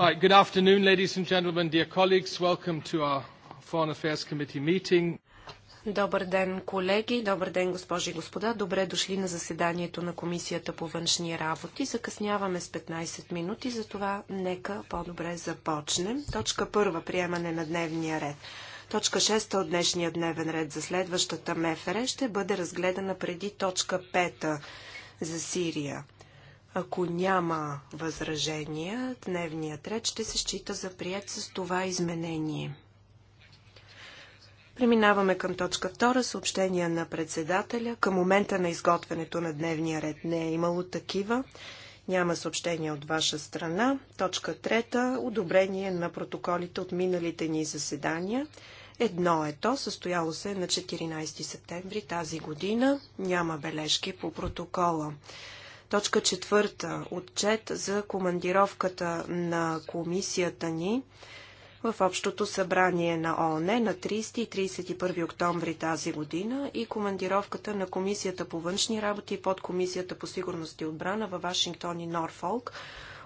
All Right, good afternoon, ladies and gentlemen, dear colleagues. Welcome to our Foreign Affairs Committee meeting. Добър ден, колеги! Добър ден, госпожи и господа! Добре дошли на заседанието на Комисията по външни работи. Закъсняваме с 15 минути, затова нека по-добре започнем. Точка първа – приемане на дневния ред. Точка 6 от днешния дневен ред за следващата МФР е ще бъде разгледана преди точка 5 за Сирия. Ако няма възражения, дневният ред ще се счита за прият с това изменение. Преминаваме към точка 2. Съобщения на председателя. Към момента на изготвянето на дневния ред не е имало такива. Няма съобщения от ваша страна. Точка 3. Одобрение на протоколите от миналите ни заседания. Едно е то, състояло се на 14 септември тази година. Няма бележки по протокола. Точка четвърта. Отчет за командировката на комисията ни в Общото събрание на ООН на 30 и 31 октомври тази година и командировката на Комисията по външни работи и под Комисията по сигурност и отбрана във Вашингтон и Норфолк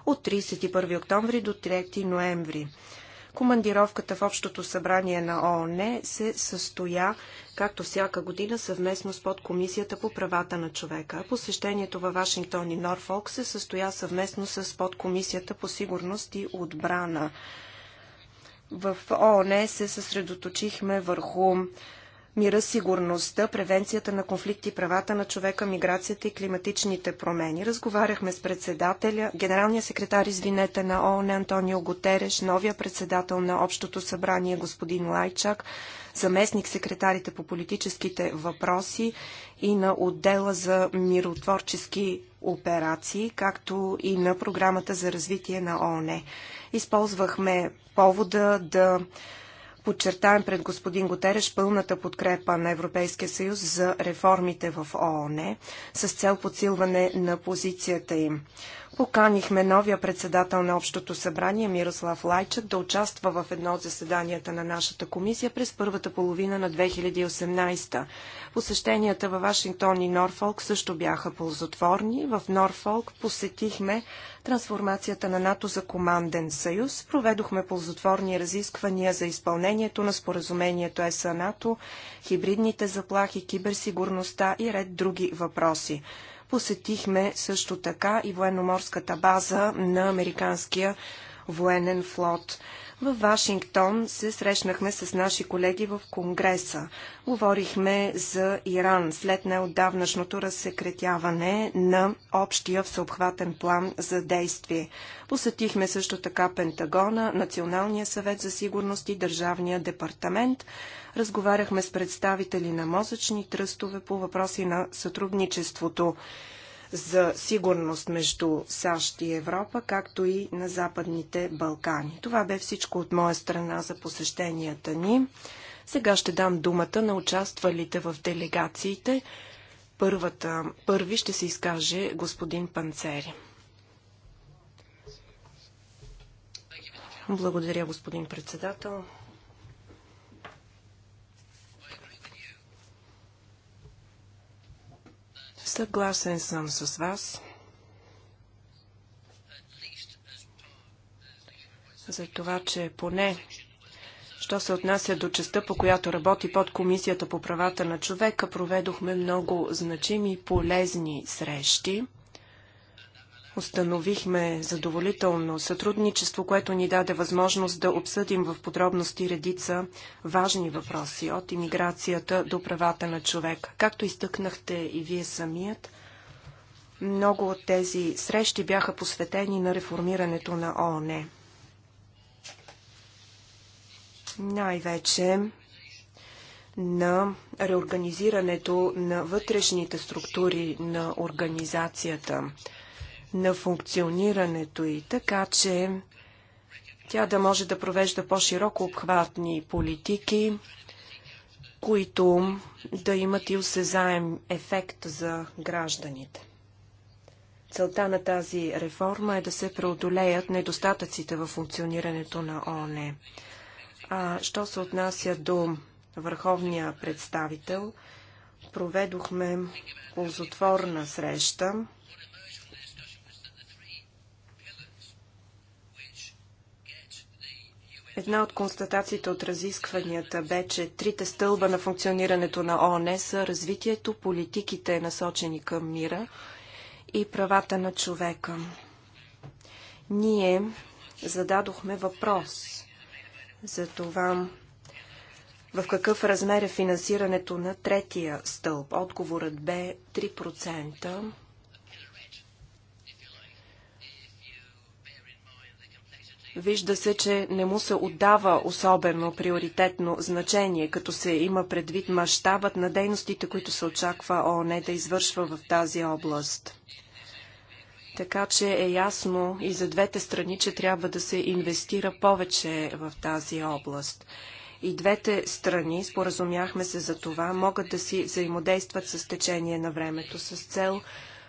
от 31 октомври до 3 ноември. Командировката в Общото събрание на ООН се състоя, както всяка година, съвместно с подкомисията по правата на човека. Посещението във Вашингтон и Норфолк се състоя съвместно с подкомисията по сигурност и отбрана. В ООН се съсредоточихме върху мира, сигурността, превенцията на конфликти, правата на човека, миграцията и климатичните промени. Разговаряхме с председателя, генералния секретар, извинете, на ООН Антонио Гутереш, новия председател на Общото събрание господин Лайчак, заместник секретарите по политическите въпроси и на отдела за миротворчески операции, както и на програмата за развитие на ООН. Използвахме повода да подчертаем пред господин Готереш пълната подкрепа на Европейския съюз за реформите в ООН с цел подсилване на позицията им. Поканихме новия председател на Общото събрание Мирослав Лайчев да участва в едно от заседанията на нашата комисия през първата половина на 2018. Посещенията във Вашингтон и Норфолк също бяха ползотворни. В Норфолк посетихме трансформацията на НАТО за команден съюз. Проведохме ползотворни разисквания за изпълнението на споразумението ЕСА НАТО, хибридните заплахи, киберсигурността и ред други въпроси. Посетихме също така и военноморската база на американския военен флот. В Вашингтон се срещнахме с наши колеги в Конгреса. Говорихме за Иран след неотдавнашното разсекретяване на общия всеобхватен план за действие. Посетихме също така Пентагона, Националния съвет за сигурност и Държавния департамент. Разговаряхме с представители на мозъчни тръстове по въпроси на сътрудничеството за сигурност между САЩ и Европа, както и на Западните Балкани. Това бе всичко от моя страна за посещенията ни. Сега ще дам думата на участвалите в делегациите. Първата, първи ще се изкаже господин Панцери. Благодаря, господин председател. Съгласен съм с вас. За това, че поне Що се отнася до частта, по която работи под Комисията по правата на човека, проведохме много значими и полезни срещи. Установихме задоволително сътрудничество, което ни даде възможност да обсъдим в подробности редица важни въпроси от иммиграцията до правата на човек. Както изтъкнахте и вие самият, много от тези срещи бяха посветени на реформирането на ООН. Най-вече на реорганизирането на вътрешните структури на организацията – на функционирането и така, че тя да може да провежда по-широко обхватни политики, които да имат и осезаем ефект за гражданите. Целта на тази реформа е да се преодолеят недостатъците във функционирането на ООН. А, що се отнася до върховния представител, проведохме ползотворна среща Една от констатациите от разискванията бе, че трите стълба на функционирането на ООН са развитието, политиките насочени към мира и правата на човека. Ние зададохме въпрос за това в какъв размер е финансирането на третия стълб. Отговорът бе 3% Вижда се, че не му се отдава особено приоритетно значение, като се има предвид мащабът на дейностите, които се очаква ООН да извършва в тази област. Така че е ясно и за двете страни, че трябва да се инвестира повече в тази област. И двете страни, споразумяхме се за това, могат да си взаимодействат с течение на времето с цел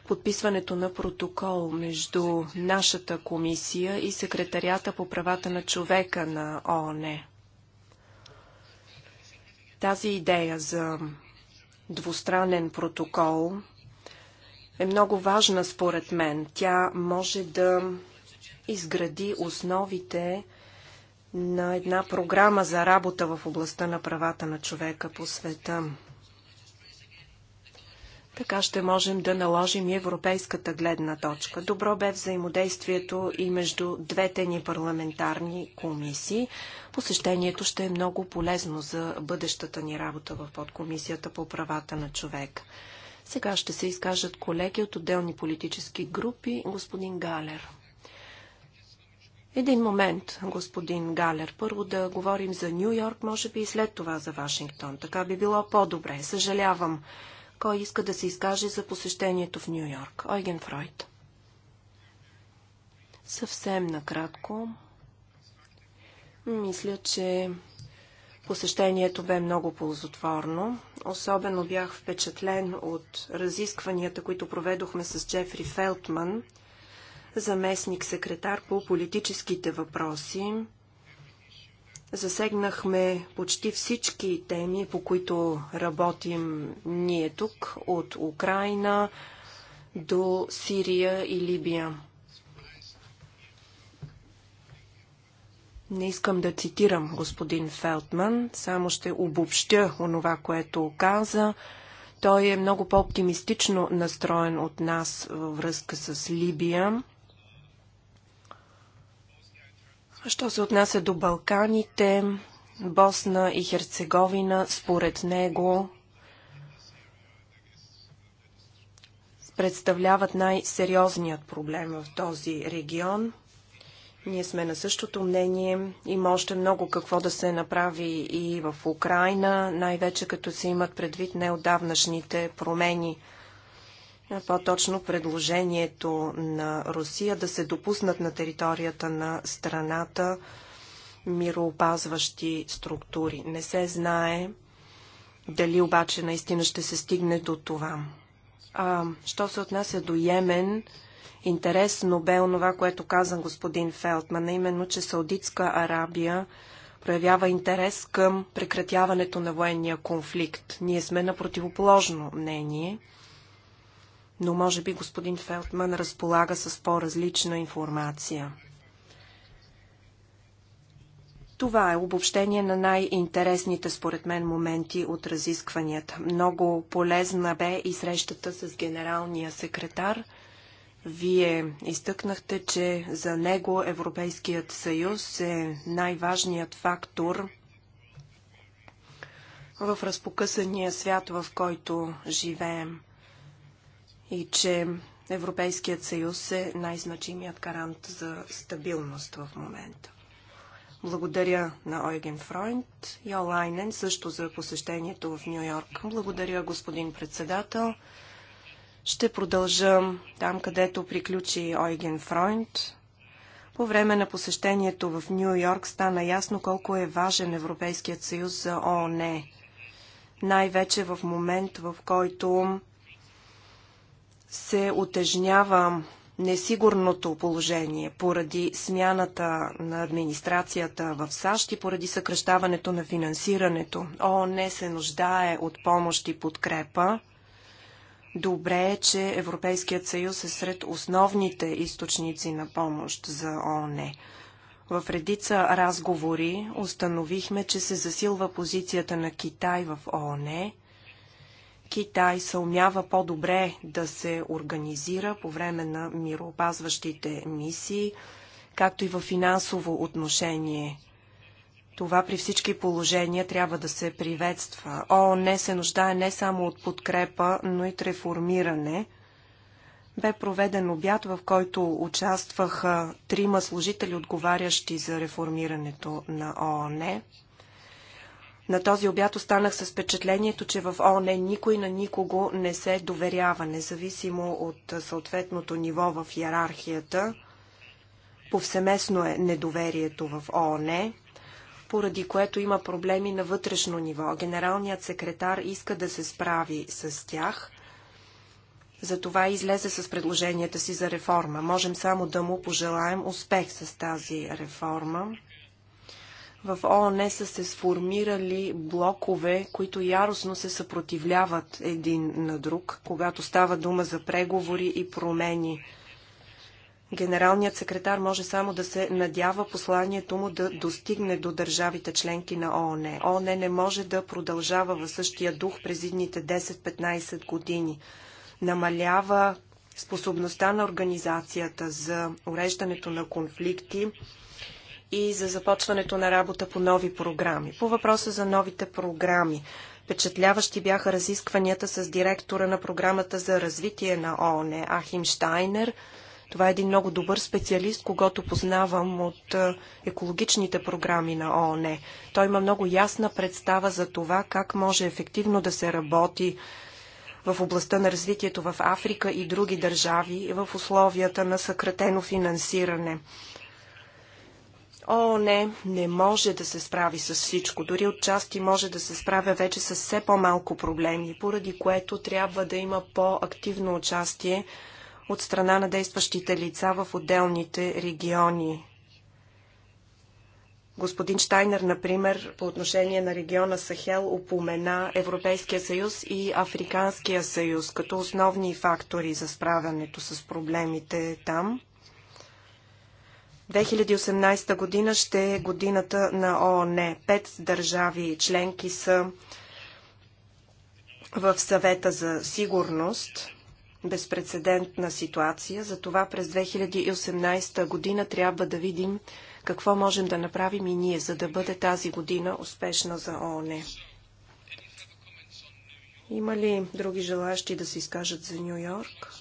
подписването на протокол между нашата комисия и секретарията по правата на човека на ООН. Тази идея за двустранен протокол е много важна според мен. Тя може да изгради основите на една програма за работа в областта на правата на човека по света. Така ще можем да наложим и европейската гледна точка. Добро бе взаимодействието и между двете ни парламентарни комисии. Посещението ще е много полезно за бъдещата ни работа в подкомисията по правата на човек. Сега ще се изкажат колеги от отделни политически групи. Господин Галер. Един момент, господин Галер. Първо да говорим за Нью Йорк, може би и след това за Вашингтон. Така би било по-добре. Съжалявам кой иска да се изкаже за посещението в Нью Йорк? Ойген Фройд. Съвсем накратко. Мисля, че посещението бе много ползотворно. Особено бях впечатлен от разискванията, които проведохме с Джефри Фелтман, заместник секретар по политическите въпроси Засегнахме почти всички теми, по които работим ние тук, от Украина до Сирия и Либия. Не искам да цитирам господин Фелтман, само ще обобщя онова, което каза. Той е много по-оптимистично настроен от нас във връзка с Либия. Що се отнася до Балканите, Босна и Херцеговина, според него, представляват най-сериозният проблем в този регион. Ние сме на същото мнение. Има още много какво да се направи и в Украина, най-вече като се имат предвид неодавнашните промени – по-точно предложението на Русия да се допуснат на територията на страната мироопазващи структури. Не се знае дали обаче наистина ще се стигне до това. А, що се отнася до Йемен, интересно бе онова, което каза господин Фелтман, именно, че Саудитска Арабия проявява интерес към прекратяването на военния конфликт. Ние сме на противоположно мнение – но може би господин Фелтман разполага с по-различна информация. Това е обобщение на най-интересните според мен моменти от разискванията. Много полезна бе и срещата с генералния секретар. Вие изтъкнахте, че за него Европейският съюз е най-важният фактор в разпокъсания свят, в който живеем – и че Европейският съюз е най-значимият гарант за стабилност в момента. Благодаря на Ойген Фройнд и Олайнен също за посещението в Нью Йорк. Благодаря, господин председател. Ще продължа там, където приключи Ойген Фройнд. По време на посещението в Нью Йорк стана ясно колко е важен Европейският съюз за ООН. Най-вече в момент, в който се отежнява несигурното положение поради смяната на администрацията в САЩ и поради съкръщаването на финансирането. ООН се нуждае от помощ и подкрепа. Добре е, че Европейският съюз е сред основните източници на помощ за ООН. В редица разговори установихме, че се засилва позицията на Китай в ООН Китай съумява по-добре да се организира по време на мироопазващите мисии, както и в финансово отношение. Това при всички положения трябва да се приветства. ООН се нуждае не само от подкрепа, но и от реформиране. Бе проведен обяд, в който участваха трима служители, отговарящи за реформирането на ООН. На този обяд останах с впечатлението, че в ОНЕ никой на никого не се доверява, независимо от съответното ниво в иерархията. Повсеместно е недоверието в ОНЕ, поради което има проблеми на вътрешно ниво. Генералният секретар иска да се справи с тях. Затова излезе с предложенията си за реформа. Можем само да му пожелаем успех с тази реформа в ООН са се сформирали блокове, които яростно се съпротивляват един на друг, когато става дума за преговори и промени. Генералният секретар може само да се надява посланието му да достигне до държавите членки на ООН. ООН не може да продължава в същия дух през идните 10-15 години. Намалява способността на организацията за уреждането на конфликти, и за започването на работа по нови програми. По въпроса за новите програми. Впечатляващи бяха разискванията с директора на програмата за развитие на ООН, Ахим Штайнер. Това е един много добър специалист, когато познавам от е, екологичните програми на ООН. Той има много ясна представа за това как може ефективно да се работи в областта на развитието в Африка и други държави в условията на съкратено финансиране. ООН не може да се справи с всичко. Дори отчасти може да се справя вече с все по-малко проблеми, поради което трябва да има по-активно участие от страна на действащите лица в отделните региони. Господин Штайнер, например, по отношение на региона Сахел упомена Европейския съюз и Африканския съюз като основни фактори за справянето с проблемите там – 2018 година ще е годината на ООН. Пет държави членки са в съвета за сигурност. Безпредседентна ситуация. Затова през 2018 година трябва да видим какво можем да направим и ние, за да бъде тази година успешна за ООН. Има ли други желащи да се изкажат за Нью Йорк?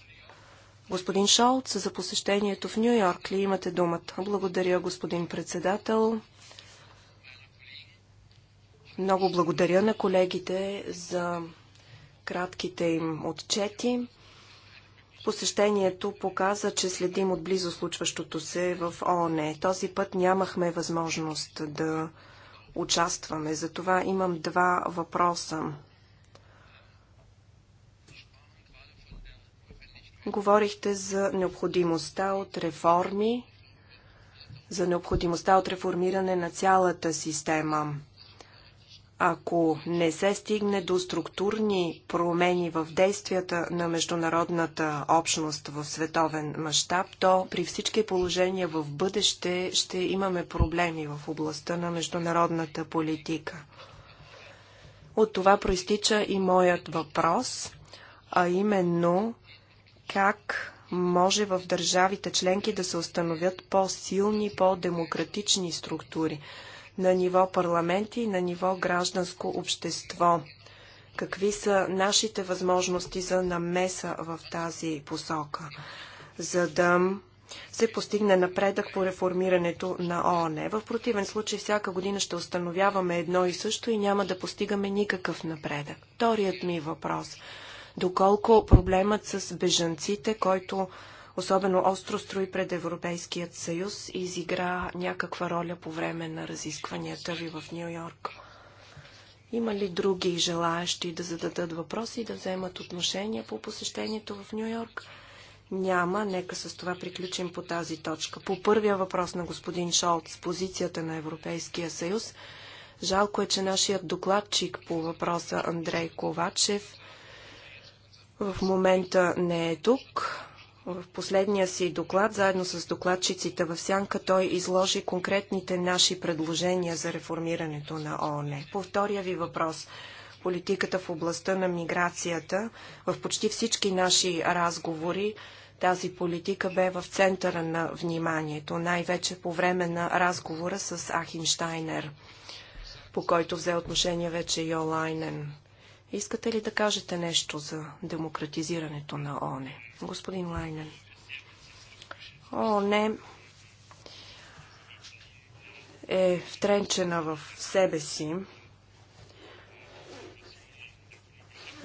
Господин Шолц, за посещението в Нью Йорк ли имате думата? Благодаря, господин председател. Много благодаря на колегите за кратките им отчети. Посещението показа, че следим отблизо случващото се в ООН. Е. Този път нямахме възможност да участваме. Затова имам два въпроса. Говорихте за необходимостта от реформи, за необходимостта от реформиране на цялата система. Ако не се стигне до структурни промени в действията на международната общност в световен мащаб, то при всички положения в бъдеще ще имаме проблеми в областта на международната политика. От това проистича и моят въпрос, а именно как може в държавите членки да се установят по-силни, по-демократични структури на ниво парламенти и на ниво гражданско общество. Какви са нашите възможности за намеса в тази посока, за да се постигне напредък по реформирането на ООН. В противен случай всяка година ще установяваме едно и също и няма да постигаме никакъв напредък. Вторият ми въпрос – доколко проблемът с бежанците, който особено остро строи пред Европейският съюз, изигра някаква роля по време на разискванията ви в Нью Йорк. Има ли други желаящи да зададат въпроси и да вземат отношение по посещението в Нью Йорк? Няма. Нека с това приключим по тази точка. По първия въпрос на господин Шолт с позицията на Европейския съюз, жалко е, че нашият докладчик по въпроса Андрей Ковачев в момента не е тук. В последния си доклад, заедно с докладчиците в Сянка, той изложи конкретните наши предложения за реформирането на ООН. По втория ви въпрос, политиката в областта на миграцията, в почти всички наши разговори, тази политика бе в центъра на вниманието, най-вече по време на разговора с Ахинштайнер, по който взе отношение вече Йолайнен. Искате ли да кажете нещо за демократизирането на ОНЕ? Господин Лайнен. ОНЕ е втренчена в себе си.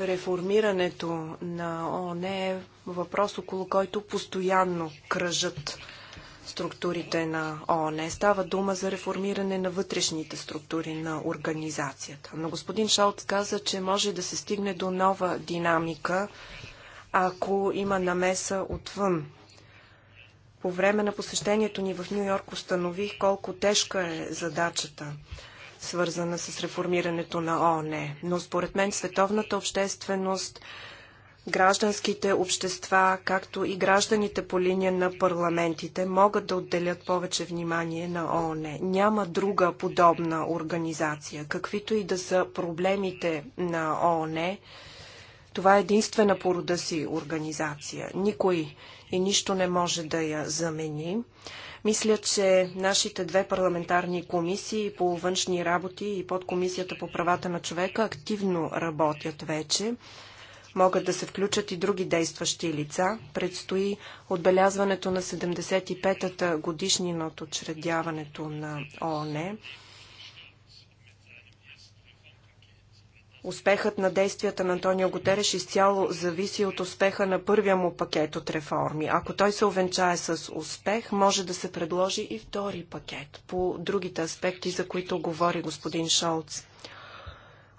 Реформирането на ОНЕ е въпрос, около който постоянно кръжат структурите на ООН. Става дума за реформиране на вътрешните структури на организацията. Но господин Шолц каза, че може да се стигне до нова динамика, ако има намеса отвън. По време на посещението ни в Нью Йорк установих колко тежка е задачата свързана с реформирането на ООН. Но според мен световната общественост гражданските общества, както и гражданите по линия на парламентите могат да отделят повече внимание на ООН. Няма друга подобна организация. Каквито и да са проблемите на ООН, това е единствена по рода си организация. Никой и нищо не може да я замени. Мисля, че нашите две парламентарни комисии по външни работи и подкомисията по правата на човека активно работят вече. Могат да се включат и други действащи лица. Предстои отбелязването на 75-та годишнина от учредяването на ООН. Успехът на действията на Антонио Готереш изцяло зависи от успеха на първия му пакет от реформи. Ако той се овенчае с успех, може да се предложи и втори пакет по другите аспекти, за които говори господин Шолц.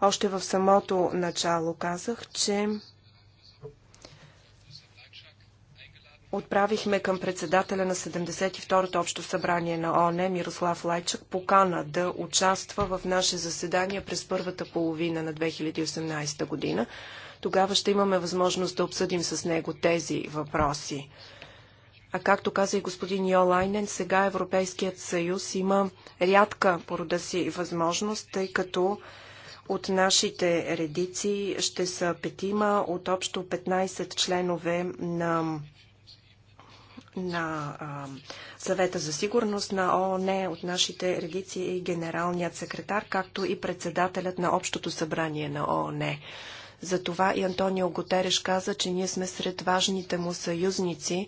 Още в самото начало казах, че отправихме към председателя на 72-то общо събрание на ООН Мирослав Лайчак покана да участва в наше заседание през първата половина на 2018 година. Тогава ще имаме възможност да обсъдим с него тези въпроси. А както каза и господин Йолайнен, сега Европейският съюз има рядка порода си възможност, тъй като от нашите редици ще са петима от общо 15 членове на на а, съвета за сигурност на ООН от нашите редици и генералният секретар, както и председателят на Общото събрание на ООН. Затова и Антонио Готереш каза, че ние сме сред важните му съюзници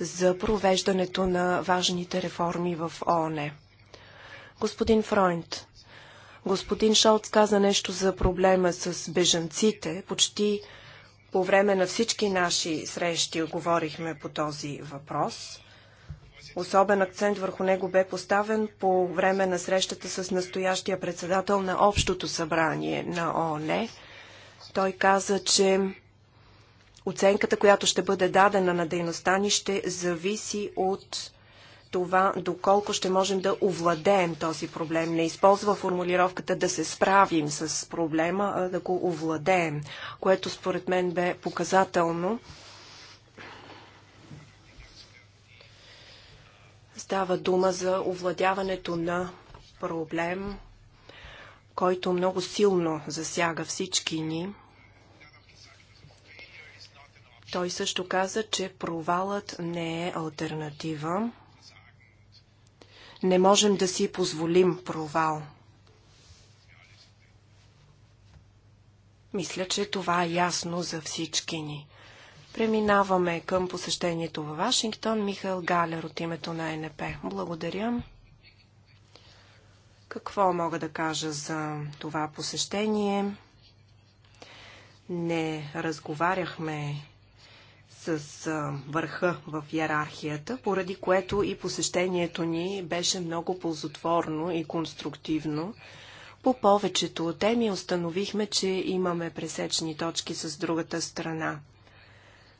за провеждането на важните реформи в ООН. Господин Фройнт, господин Шолц каза нещо за проблема с бежанците. Почти по време на всички наши срещи говорихме по този въпрос. Особен акцент върху него бе поставен по време на срещата с настоящия председател на Общото събрание на ООН. Той каза, че оценката, която ще бъде дадена на дейността ни, ще зависи от това доколко ще можем да овладеем този проблем. Не използва формулировката да се справим с проблема, а да го овладеем, което според мен бе показателно. Става дума за овладяването на проблем, който много силно засяга всички ни. Той също каза, че провалът не е альтернатива. Не можем да си позволим провал. Мисля, че това е ясно за всички ни. Преминаваме към посещението във Вашингтон. Михаил Галер от името на НП. Благодаря. Какво мога да кажа за това посещение? Не разговаряхме с върха в иерархията, поради което и посещението ни беше много ползотворно и конструктивно. По повечето теми установихме, че имаме пресечни точки с другата страна.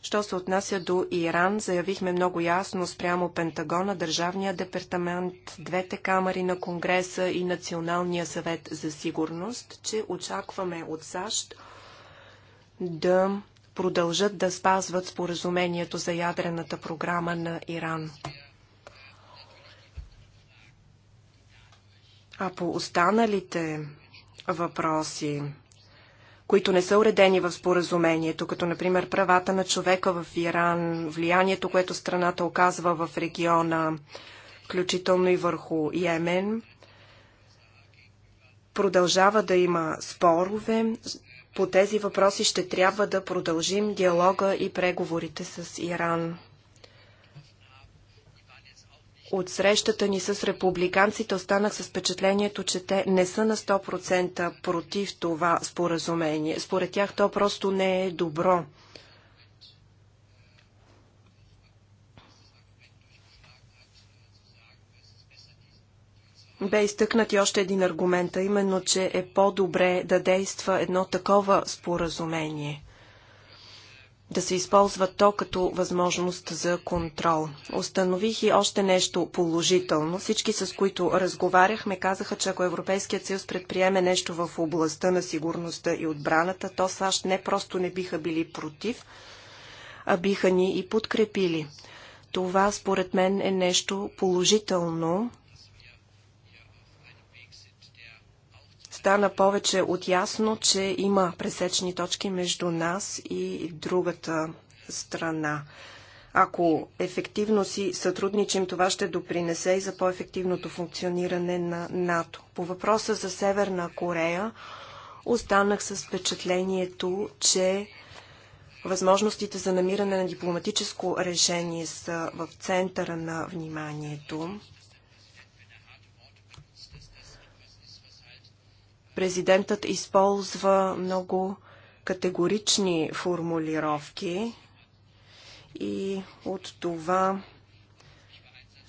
Що се отнася до Иран, заявихме много ясно спрямо Пентагона, Държавния департамент, двете камери на Конгреса и Националния съвет за сигурност, че очакваме от САЩ да продължат да спазват споразумението за ядрената програма на Иран. А по останалите въпроси, които не са уредени в споразумението, като например правата на човека в Иран, влиянието, което страната оказва в региона, включително и върху Йемен, продължава да има спорове. По тези въпроси ще трябва да продължим диалога и преговорите с Иран. От срещата ни с републиканците останах с впечатлението, че те не са на 100% против това споразумение. Според тях то просто не е добро. Бе изтъкнат и още един аргумент, а именно, че е по-добре да действа едно такова споразумение. Да се използва то като възможност за контрол. Установих и още нещо положително. Всички, с които разговаряхме, казаха, че ако Европейският съюз предприеме нещо в областта на сигурността и отбраната, то САЩ не просто не биха били против, а биха ни и подкрепили. Това, според мен, е нещо положително стана повече от ясно, че има пресечни точки между нас и другата страна. Ако ефективно си сътрудничим, това ще допринесе и за по-ефективното функциониране на НАТО. По въпроса за Северна Корея, останах с впечатлението, че възможностите за намиране на дипломатическо решение са в центъра на вниманието. Президентът използва много категорични формулировки и от това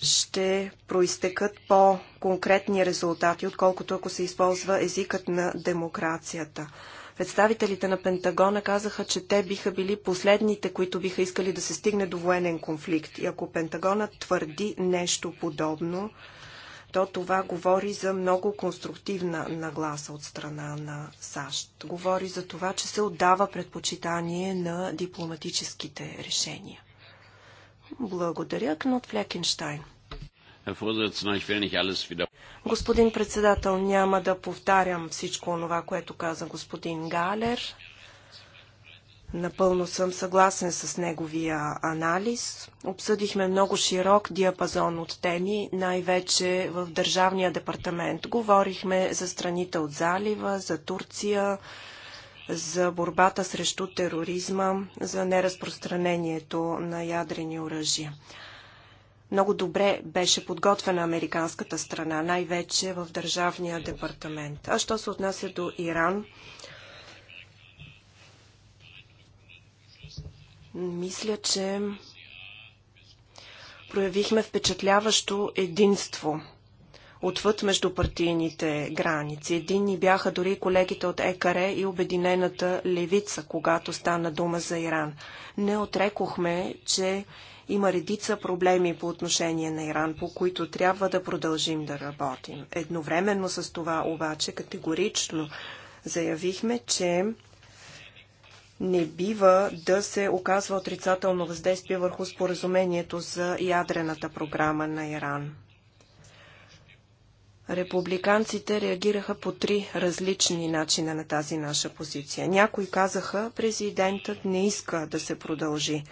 ще проистекат по-конкретни резултати, отколкото ако се използва езикът на демокрацията. Представителите на Пентагона казаха, че те биха били последните, които биха искали да се стигне до военен конфликт. И ако Пентагонът твърди нещо подобно, то това говори за много конструктивна нагласа от страна на САЩ. Говори за това, че се отдава предпочитание на дипломатическите решения. Благодаря, Кнот Флекенштайн. Господин председател, няма да повтарям всичко това, което каза господин Галер. Напълно съм съгласен с неговия анализ. Обсъдихме много широк диапазон от теми, най-вече в Държавния департамент. Говорихме за страните от залива, за Турция, за борбата срещу тероризма, за неразпространението на ядрени оръжия. Много добре беше подготвена американската страна, най-вече в Държавния департамент. А що се отнася до Иран, Мисля, че проявихме впечатляващо единство отвъд междупартийните граници. Единни бяха дори колегите от ЕКАРЕ и Обединената левица, когато стана дума за Иран. Не отрекохме, че има редица проблеми по отношение на Иран, по които трябва да продължим да работим. Едновременно с това обаче категорично заявихме, че не бива да се оказва отрицателно въздействие върху споразумението за ядрената програма на Иран. Републиканците реагираха по три различни начина на тази наша позиция. Някои казаха, президентът не иска да се продължи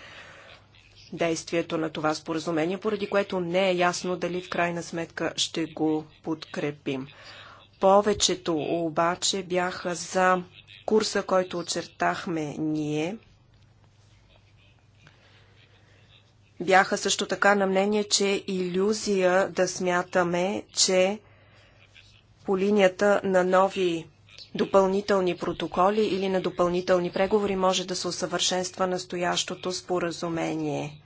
действието на това споразумение, поради което не е ясно дали в крайна сметка ще го подкрепим. Повечето обаче бяха за курса, който очертахме ние, бяха също така на мнение, че е иллюзия да смятаме, че по линията на нови допълнителни протоколи или на допълнителни преговори може да се усъвършенства настоящото споразумение.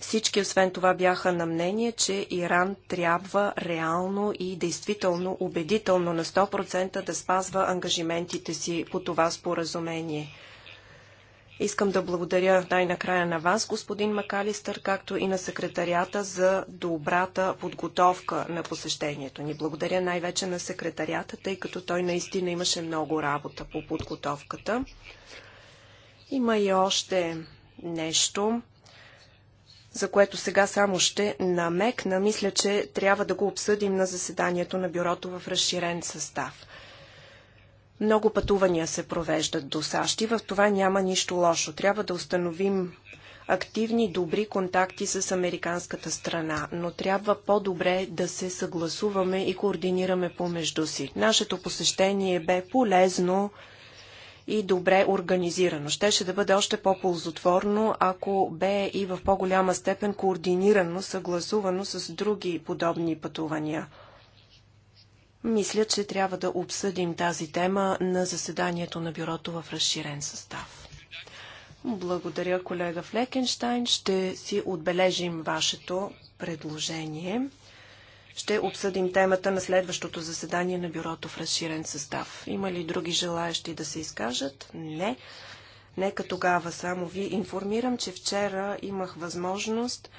Всички, освен това, бяха на мнение, че Иран трябва реално и действително, убедително на 100% да спазва ангажиментите си по това споразумение. Искам да благодаря най-накрая на вас, господин Макалистър, както и на секретарията за добрата подготовка на посещението ни. Благодаря най-вече на секретарията, тъй като той наистина имаше много работа по подготовката. Има и още нещо за което сега само ще намекна, мисля, че трябва да го обсъдим на заседанието на бюрото в разширен състав. Много пътувания се провеждат до САЩ и в това няма нищо лошо. Трябва да установим активни, добри контакти с американската страна, но трябва по-добре да се съгласуваме и координираме помежду си. Нашето посещение бе полезно, и добре организирано. Щеше да бъде още по-ползотворно, ако бе и в по-голяма степен координирано, съгласувано с други подобни пътувания. Мисля, че трябва да обсъдим тази тема на заседанието на бюрото в разширен състав. Благодаря, колега Флекенштайн. Ще си отбележим вашето предложение. Ще обсъдим темата на следващото заседание на бюрото в разширен състав. Има ли други желаящи да се изкажат? Не. Нека тогава само ви информирам, че вчера имах възможност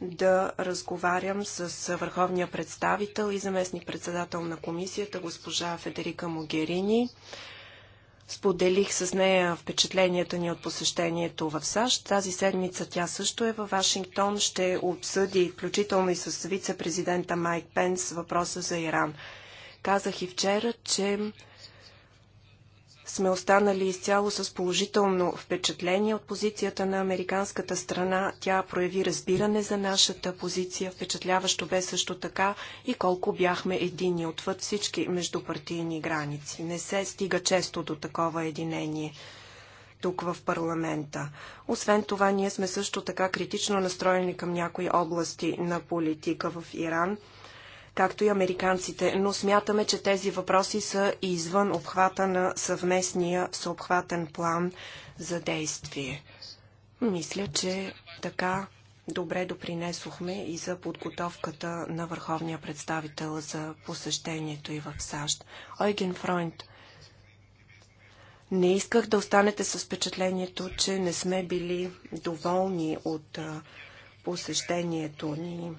да разговарям с върховния представител и заместник председател на комисията госпожа Федерика Могерини. Споделих с нея впечатленията ни от посещението в САЩ. Тази седмица тя също е във Вашингтон. Ще обсъди, включително и с вице-президента Майк Пенс, въпроса за Иран. Казах и вчера, че сме останали изцяло с положително впечатление от позицията на американската страна. Тя прояви разбиране за нашата позиция. Впечатляващо бе също така и колко бяхме едини отвъд всички междупартийни граници. Не се стига често до такова единение тук в парламента. Освен това, ние сме също така критично настроени към някои области на политика в Иран – както и американците, но смятаме, че тези въпроси са извън обхвата на съвместния съобхватен план за действие. Мисля, че така добре допринесохме и за подготовката на върховния представител за посещението и в САЩ. Ойген Фройнд, не исках да останете с впечатлението, че не сме били доволни от посещението ни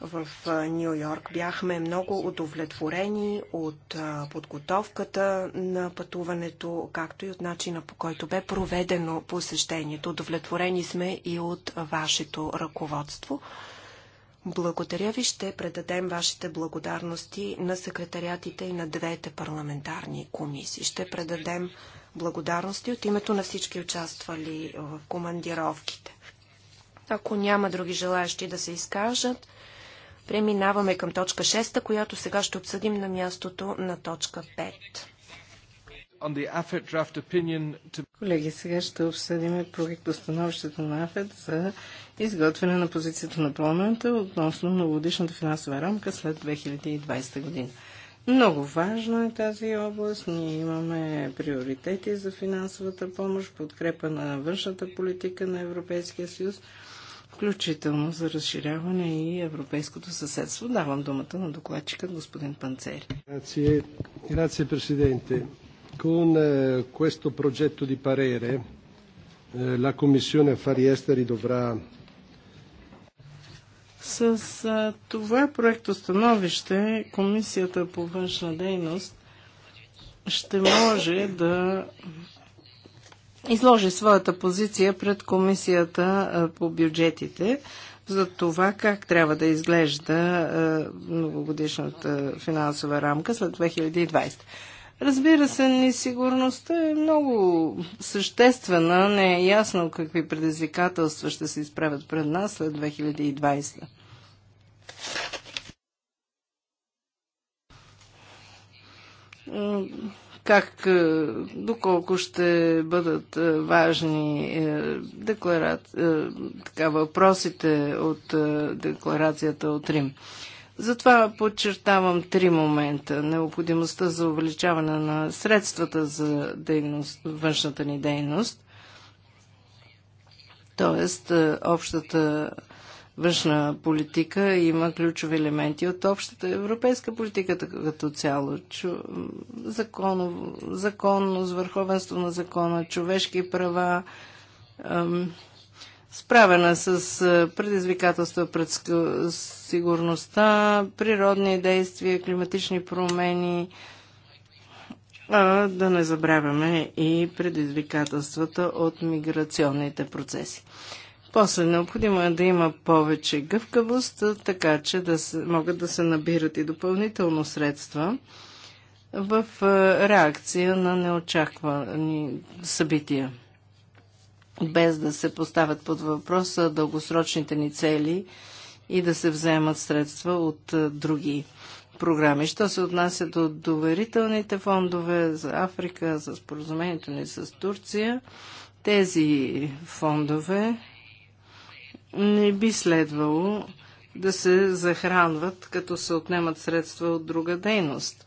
в Нью Йорк. Бяхме много удовлетворени от подготовката на пътуването, както и от начина по който бе проведено посещението. Удовлетворени сме и от вашето ръководство. Благодаря ви, ще предадем вашите благодарности на секретариатите и на двете парламентарни комисии. Ще предадем благодарности от името на всички участвали в командировките. Ако няма други желаящи да се изкажат, Преминаваме към точка 6, която сега ще обсъдим на мястото на точка 5. To... Колеги, сега ще обсъдим проект, установището на АФЕД за изготвяне на позицията на парламента относно многогодишната финансова рамка след 2020 година. Много важна е тази област. Ние имаме приоритети за финансовата помощ, подкрепа на външната политика на Европейския съюз – включително за разширяване и европейското съседство. Давам думата на докладчика господин Панцери. Грация, grazie Presidente. Con eh, questo progetto di parere eh, la Commissione Affari Esteri dovrà с а, е, това проектостановище Комисията по външна дейност ще може да изложи своята позиция пред комисията по бюджетите за това как трябва да изглежда многогодишната финансова рамка след 2020. Разбира се, несигурността е много съществена, не е ясно какви предизвикателства ще се изправят пред нас след 2020 как, е, доколко ще бъдат е, важни е, деклара... така, въпросите от декларацията от Рим. Затова подчертавам три момента. Необходимостта за увеличаване на средствата за дейност, външната ни дейност, т.е. общата външна политика има ключови елементи от общата европейска политика като цяло. Чу, законов, законност, върховенство на закона, човешки права, ем, справена с предизвикателства пред сигурността, природни действия, климатични промени, а да не забравяме и предизвикателствата от миграционните процеси. После необходимо е да има повече гъвкавост, така че да се, могат да се набират и допълнително средства в е, реакция на неочаквани събития, без да се поставят под въпроса дългосрочните ни цели и да се вземат средства от е, други програми. Що се отнася до доверителните фондове за Африка, за споразумението ни с Турция, тези фондове не би следвало да се захранват, като се отнемат средства от друга дейност.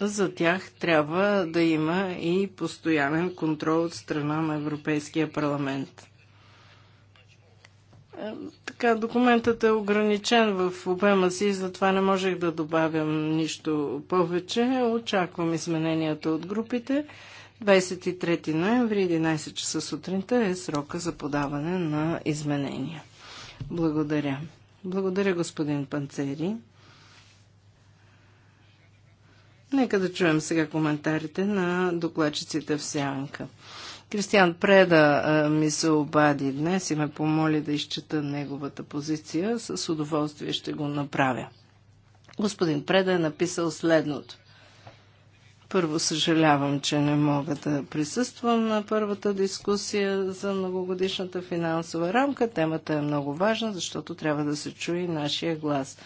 За тях трябва да има и постоянен контрол от страна на Европейския парламент. Е, така, документът е ограничен в обема си, затова не можех да добавям нищо повече. Очаквам измененията от групите. 23 ноември, 11 часа сутринта е срока за подаване на изменения. Благодаря. Благодаря, господин Панцери. Нека да чуем сега коментарите на докладчиците в Сянка. Кристиан Преда ми се обади днес и ме помоли да изчета неговата позиция. С удоволствие ще го направя. Господин Преда е написал следното. Първо съжалявам, че не мога да присъствам на първата дискусия за многогодишната финансова рамка. Темата е много важна, защото трябва да се чуе нашия глас.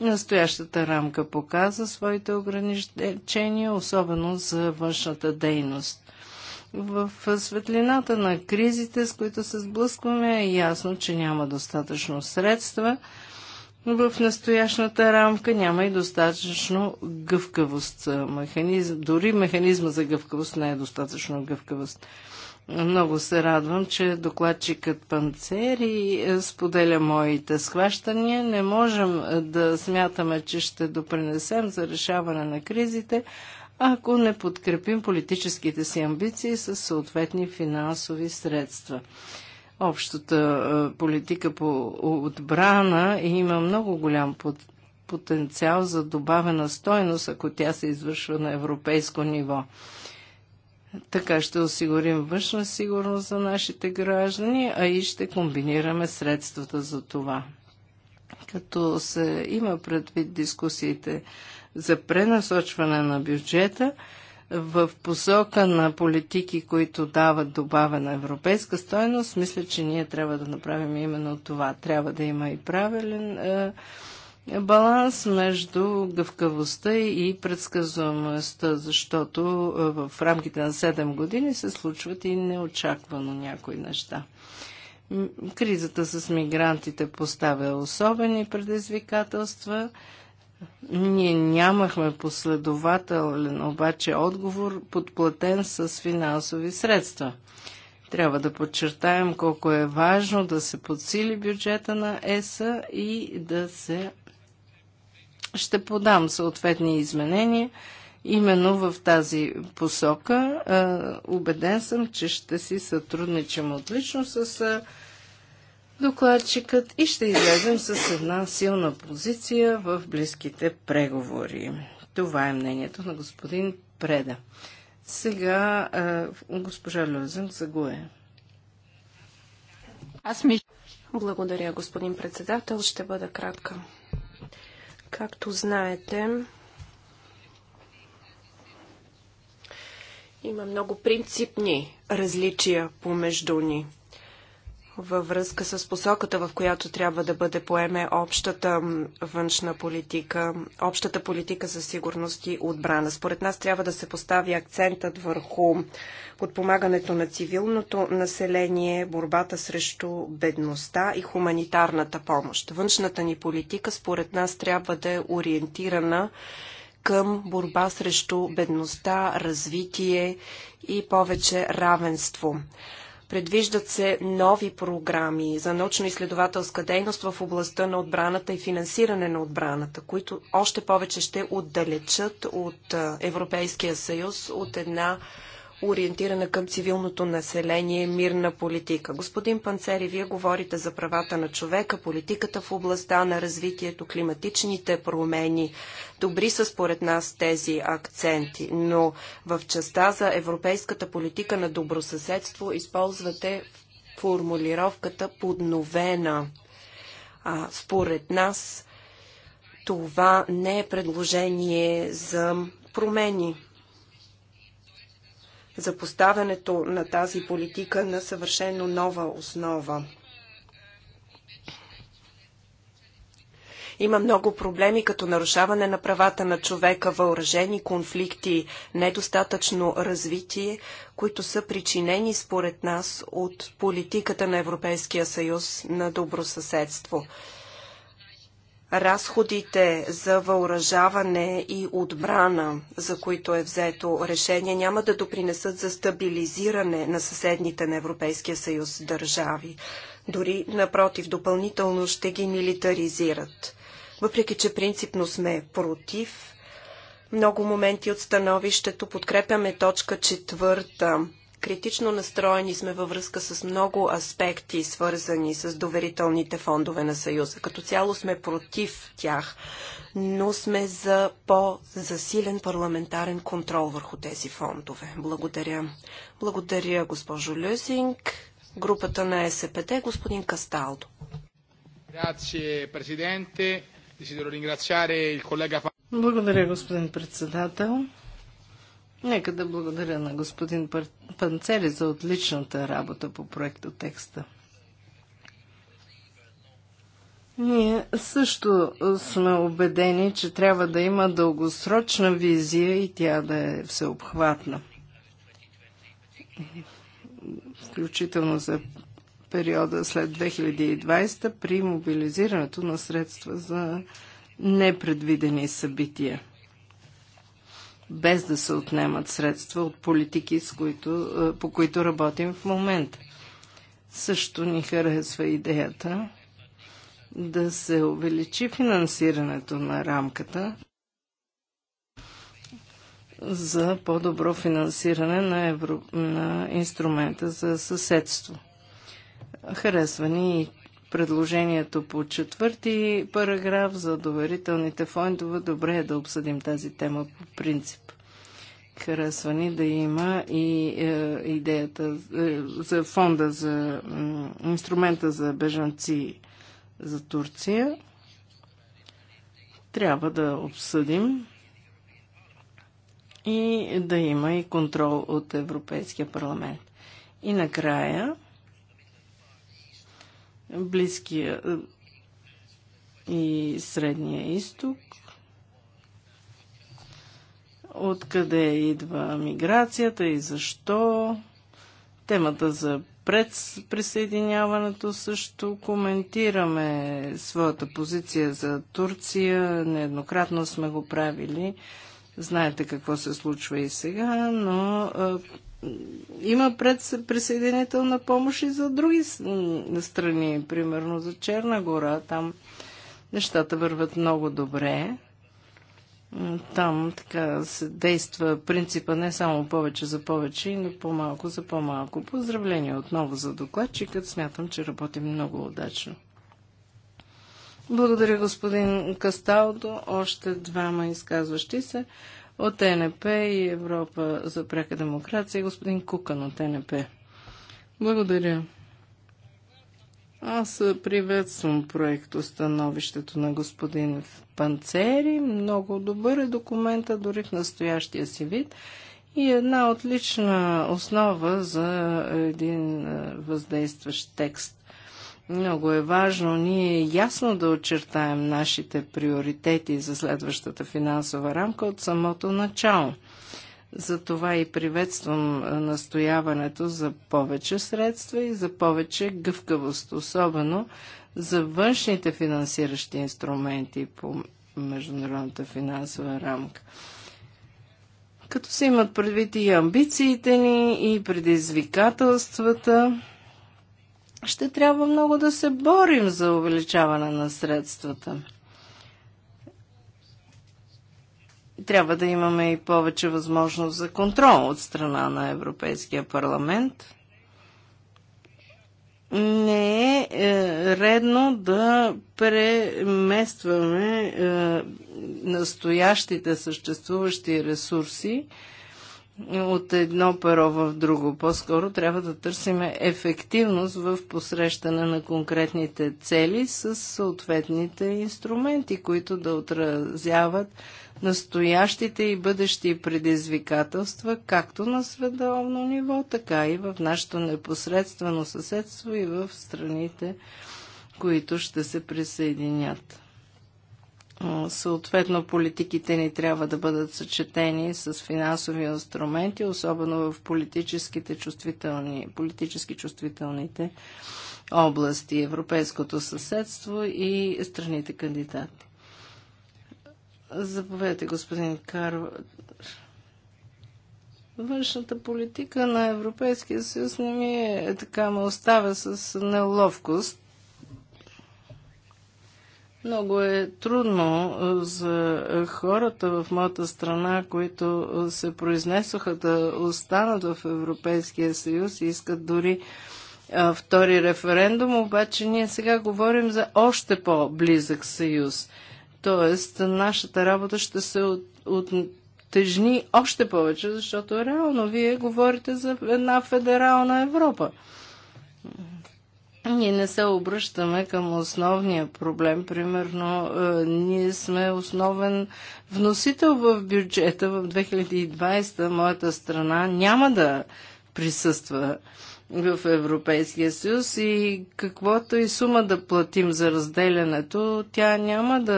Настоящата рамка показа своите ограничения, особено за външната дейност. В светлината на кризите, с които се сблъскваме, е ясно, че няма достатъчно средства – в настоящата рамка няма и достатъчно гъвкавост. Механизм, дори механизма за гъвкавост не е достатъчно гъвкавост. Много се радвам, че докладчикът Панцери е, споделя моите схващания. Не можем е, да смятаме, че ще допринесем за решаване на кризите, ако не подкрепим политическите си амбиции с съответни финансови средства общата политика по отбрана и има много голям потенциал за добавена стойност, ако тя се извършва на европейско ниво. Така ще осигурим външна сигурност за нашите граждани, а и ще комбинираме средствата за това. Като се има предвид дискусиите за пренасочване на бюджета, в посока на политики, които дават добавена европейска стойност, мисля, че ние трябва да направим именно това. Трябва да има и правилен е, баланс между гъвкавостта и предсказуемостта, защото е, в рамките на 7 години се случват и неочаквано някои неща. Кризата с мигрантите поставя особени предизвикателства – ние нямахме последователен обаче отговор, подплатен с финансови средства. Трябва да подчертаем колко е важно да се подсили бюджета на ЕСА и да се... Ще подам съответни изменения именно в тази посока. Убеден съм, че ще си сътрудничам отлично с докладчикът и ще излезем с една силна позиция в близките преговори. Това е мнението на господин Преда. Сега госпожа Люзен Загуе. Аз ми... Благодаря, господин председател. Ще бъда кратка. Както знаете, има много принципни различия помежду ни във връзка с посоката, в която трябва да бъде поеме общата външна политика, общата политика за сигурност и отбрана. Според нас трябва да се постави акцентът върху подпомагането на цивилното население, борбата срещу бедността и хуманитарната помощ. Външната ни политика според нас трябва да е ориентирана към борба срещу бедността, развитие и повече равенство. Предвиждат се нови програми за научно-изследователска дейност в областта на отбраната и финансиране на отбраната, които още повече ще отдалечат от Европейския съюз от една ориентирана към цивилното население, мирна политика. Господин Панцери, вие говорите за правата на човека, политиката в областта на развитието, климатичните промени. Добри са според нас тези акценти, но в частта за европейската политика на добросъседство използвате формулировката подновена. А, според нас това не е предложение за промени за поставянето на тази политика на съвършено нова основа. Има много проблеми, като нарушаване на правата на човека, въоръжени конфликти, недостатъчно развитие, които са причинени според нас от политиката на Европейския съюз на добросъседство. съседство разходите за въоръжаване и отбрана, за които е взето решение, няма да допринесат за стабилизиране на съседните на Европейския съюз държави. Дори, напротив, допълнително ще ги милитаризират. Въпреки, че принципно сме против много моменти от становището, подкрепяме точка четвърта Критично настроени сме във връзка с много аспекти, свързани с доверителните фондове на Съюза. Като цяло сме против тях, но сме за по-засилен парламентарен контрол върху тези фондове. Благодаря. Благодаря, госпожо Люсинг, Групата на СПД, господин Касталдо. Благодаря, господин председател. Нека да благодаря на господин Панцели за отличната работа по проекта текста. Ние също сме убедени, че трябва да има дългосрочна визия и тя да е всеобхватна. Включително за периода след 2020 при мобилизирането на средства за непредвидени събития без да се отнемат средства от политики, с които, е, по които работим в момента. Също ни харесва идеята да се увеличи финансирането на рамката за по-добро финансиране на, евро... на инструмента за съседство. Харесва ни и предложението по четвърти параграф за доверителните фондове. Добре е да обсъдим тази тема по принцип. Харесва ни да има и е, идеята е, за фонда, за е, инструмента за бежанци за Турция. Трябва да обсъдим и да има и контрол от Европейския парламент. И накрая Близкия е, и Средния изток. Откъде идва миграцията и защо? Темата за присъединяването също коментираме своята позиция за Турция. Нееднократно сме го правили. Знаете какво се случва и сега, но е, има присъединителна помощ и за други страни, примерно за Черна гора. Там нещата върват много добре. Там така се действа принципа не само повече за повече, но по-малко за по-малко. Поздравления отново за докладчикът. Смятам, че работим много удачно. Благодаря, господин Касталдо. Още двама изказващи се от ТНП и Европа за пряка демокрация. Господин Кукан от ТНП. Благодаря. Аз приветствам проекто становището на господин Панцери. Много добър е документа, дори в настоящия си вид. И една отлична основа за един въздействащ текст. Много е важно ние ясно да очертаем нашите приоритети за следващата финансова рамка от самото начало. Затова и приветствам настояването за повече средства и за повече гъвкавост, особено за външните финансиращи инструменти по международната финансова рамка. Като се имат предвид и амбициите ни, и предизвикателствата, ще трябва много да се борим за увеличаване на средствата. Трябва да имаме и повече възможност за контрол от страна на Европейския парламент. Не е, е редно да преместваме е, настоящите съществуващи ресурси е, от едно перо в друго. По-скоро трябва да търсим ефективност в посрещане на конкретните цели с съответните инструменти, които да отразяват настоящите и бъдещи предизвикателства, както на световно ниво, така и в нашето непосредствено съседство и в страните, които ще се присъединят. Съответно, политиките ни трябва да бъдат съчетени с финансови инструменти, особено в политическите чувствителни, политически чувствителните области, европейското съседство и страните кандидати. Заповядайте, господин Карл. Външната политика на Европейския съюз не ми е така, ме оставя с неловкост много е трудно за хората в моята страна, които се произнесоха да останат в Европейския съюз и искат дори втори референдум, обаче ние сега говорим за още по-близък съюз. Тоест, нашата работа ще се оттежни от, още повече, защото реално вие говорите за една федерална Европа ние не се обръщаме към основния проблем. Примерно, е, ние сме основен вносител в бюджета в 2020. Моята страна няма да присъства в Европейския съюз и каквото и сума да платим за разделянето, тя няма да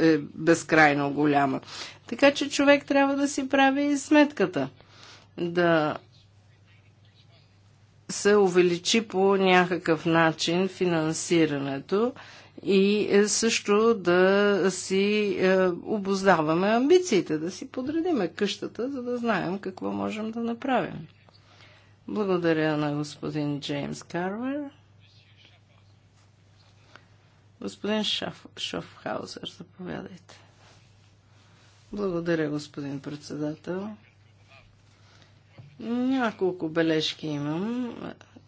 е безкрайно голяма. Така че човек трябва да си прави и сметката. Да се увеличи по някакъв начин финансирането и е, също да си е, обоздаваме амбициите, да си подредиме къщата, за да знаем какво можем да направим. Благодаря на господин Джеймс Карвер. Господин Шаф, Шофхаузер, заповядайте. Благодаря, господин председател. Няколко бележки имам.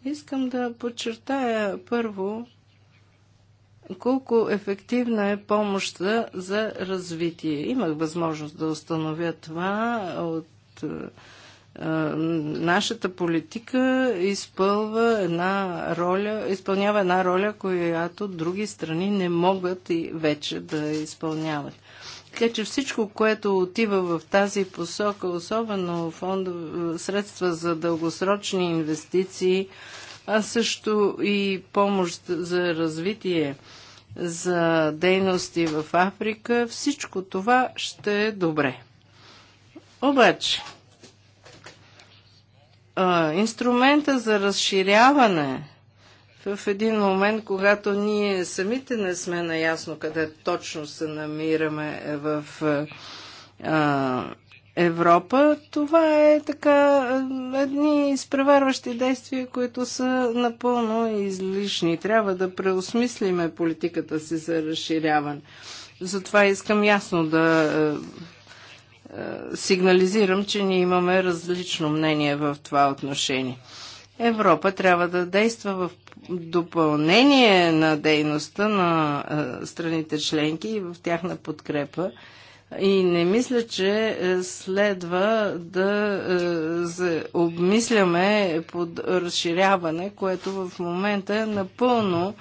Искам да подчертая първо колко ефективна е помощта за развитие. Имах възможност да установя това от е, е, нашата политика изпълва една роля, изпълнява една роля, която други страни не могат и вече да изпълняват. Така че всичко, което отива в тази посока, особено фондов, е, средства за дългосрочни инвестиции, а също и помощ за развитие, за дейности в Африка, всичко това ще е добре. Обаче, инструмента за разширяване в един момент, когато ние самите не сме наясно къде точно се намираме в а, Европа, това е така едни изпреварващи действия, които са напълно излишни. Трябва да преосмислиме политиката си за разширяване. Затова искам ясно да сигнализирам, че ние имаме различно мнение в това отношение. Европа трябва да действа в допълнение на дейността на е, страните членки и в тяхна подкрепа. И не мисля, че е, следва да е, обмисляме под разширяване, което в момента е напълно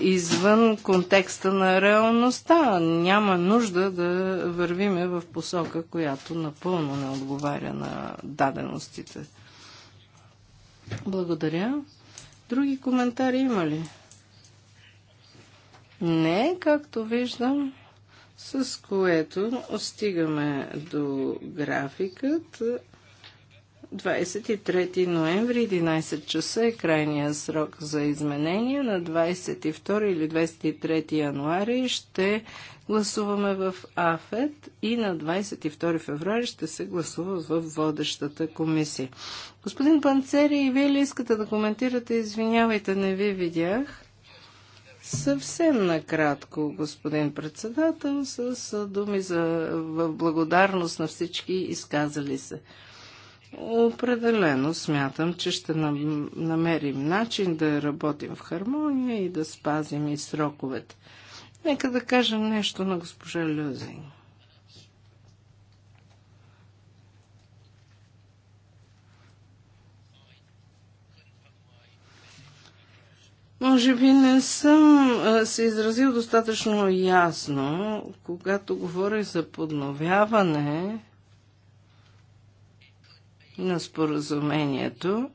извън контекста на реалността. Няма нужда да вървиме в посока, която напълно не отговаря на даденостите. Благодаря. Други коментари има ли? Не, както виждам, с което стигаме до графикът. 23 ноември, 11 часа е крайния срок за изменение. На 22 или 23 януари ще гласуваме в АФЕД и на 22 февруари ще се гласува в водещата комисия. Господин Панцери, и вие ли искате да коментирате? Извинявайте, не ви видях. Съвсем накратко, господин председател, с думи за в благодарност на всички изказали се. Определено смятам, че ще намерим начин да работим в хармония и да спазим и сроковете. Нека да кажем нещо на госпожа Люзин. Може би не съм се изразил достатъчно ясно, когато говорих за подновяване на споразумението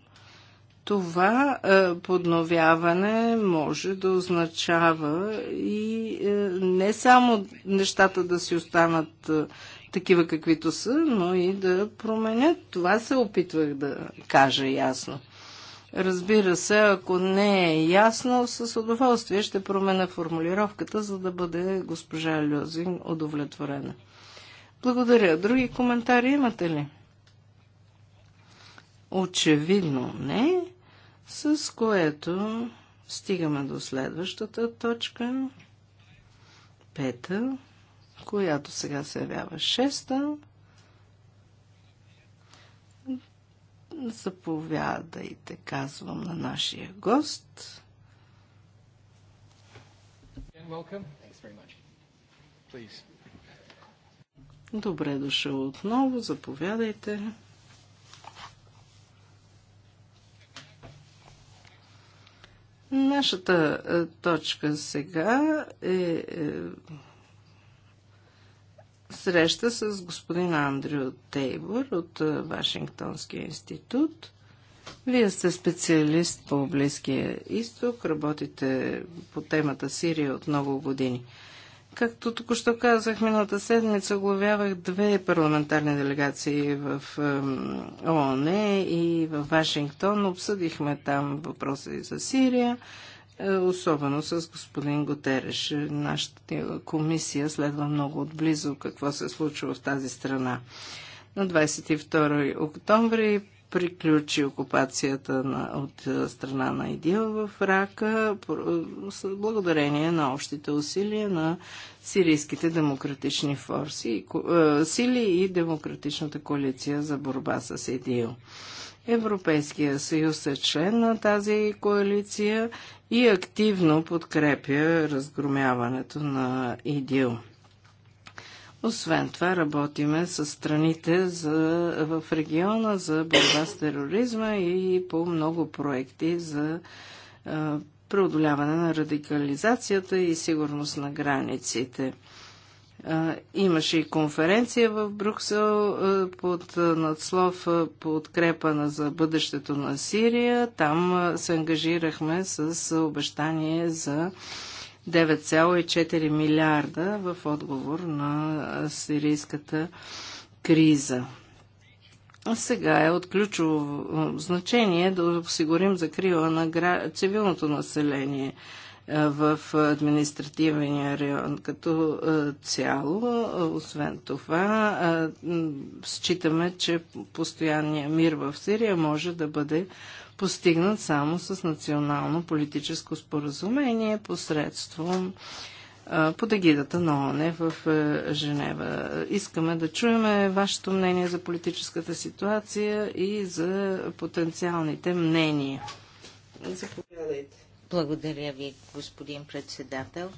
това е, подновяване може да означава и е, не само нещата да си останат е, такива каквито са, но и да променят. Това се опитвах да кажа ясно. Разбира се, ако не е ясно, с удоволствие ще променя формулировката, за да бъде госпожа Льозин, удовлетворена. Благодаря. Други коментари имате ли? Очевидно не с което стигаме до следващата точка, пета, която сега се явява шеста. Заповядайте, казвам на нашия гост. Добре дошъл отново, заповядайте. Нашата е, точка сега е, е среща с господин Андрю Тейбор от е, Вашингтонския институт. Вие сте специалист по Близкия изток, работите по темата Сирия от много години. Както току-що казах, миналата седмица оглавявах две парламентарни делегации в ООН и в Вашингтон. Обсъдихме там въпроса и за Сирия, е, особено с господин Готереш. Нашата комисия следва много отблизо какво се случва в тази страна. На 22 октомври приключи окупацията на, от страна на ИДИЛ в Рака, благодарение на общите усилия на сирийските демократични форси, сили и демократичната коалиция за борба с ИДИЛ. Европейския съюз е член на тази коалиция и активно подкрепя разгромяването на ИДИЛ. Освен това работиме с страните за, в региона за борба с тероризма и по много проекти за а, преодоляване на радикализацията и сигурност на границите. А, имаше и конференция в Брюксел а, под надслов подкрепа на за бъдещето на Сирия. Там се ангажирахме с обещание за 9,4 милиарда в отговор на сирийската криза. Сега е от ключово значение да осигурим закрила на гра... цивилното население е, в административния район като е, цяло. Освен това, е, считаме, че постоянният мир в Сирия може да бъде постигнат само с национално политическо споразумение посредством под егидата на ОНЕ в е, Женева. Искаме да чуем вашето мнение за политическата ситуация и за потенциалните мнения. Заповядайте. Благодаря ви, господин председател.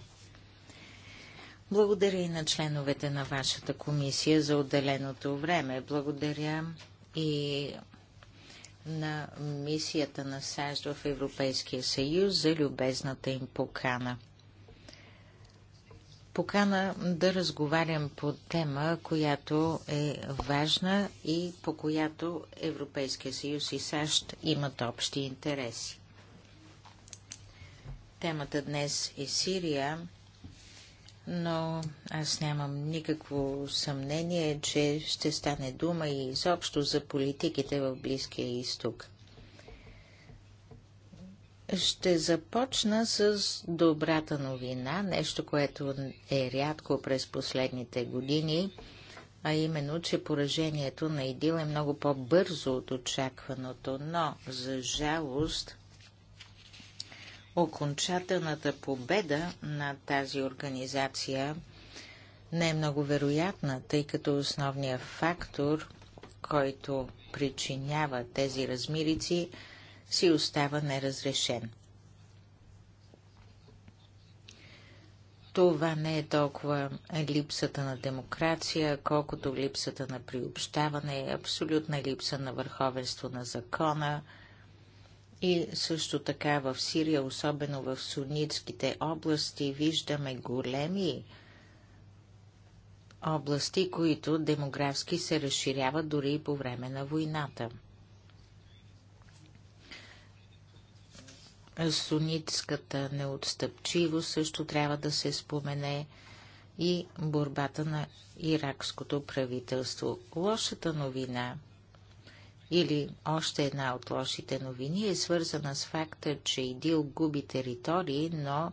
Благодаря и на членовете на вашата комисия за отделеното време. Благодаря и на мисията на САЩ в Европейския съюз за любезната им покана. Покана да разговарям по тема, която е важна и по която Европейския съюз и САЩ имат общи интереси. Темата днес е Сирия но аз нямам никакво съмнение, че ще стане дума и изобщо за политиките в Близкия изток. Ще започна с добрата новина, нещо, което е рядко през последните години, а именно, че поражението на ИДИЛ е много по-бързо от очакваното, но за жалост окончателната победа на тази организация не е много вероятна, тъй като основният фактор, който причинява тези размирици, си остава неразрешен. Това не е толкова липсата на демокрация, колкото липсата на приобщаване, абсолютна липса на върховенство на закона – и също така в Сирия, особено в сунитските области, виждаме големи области, които демографски се разширяват дори и по време на войната. Сунитската неотстъпчивост също трябва да се спомене и борбата на иракското правителство. Лошата новина – или още една от лошите новини е свързана с факта, че ИДИЛ губи територии, но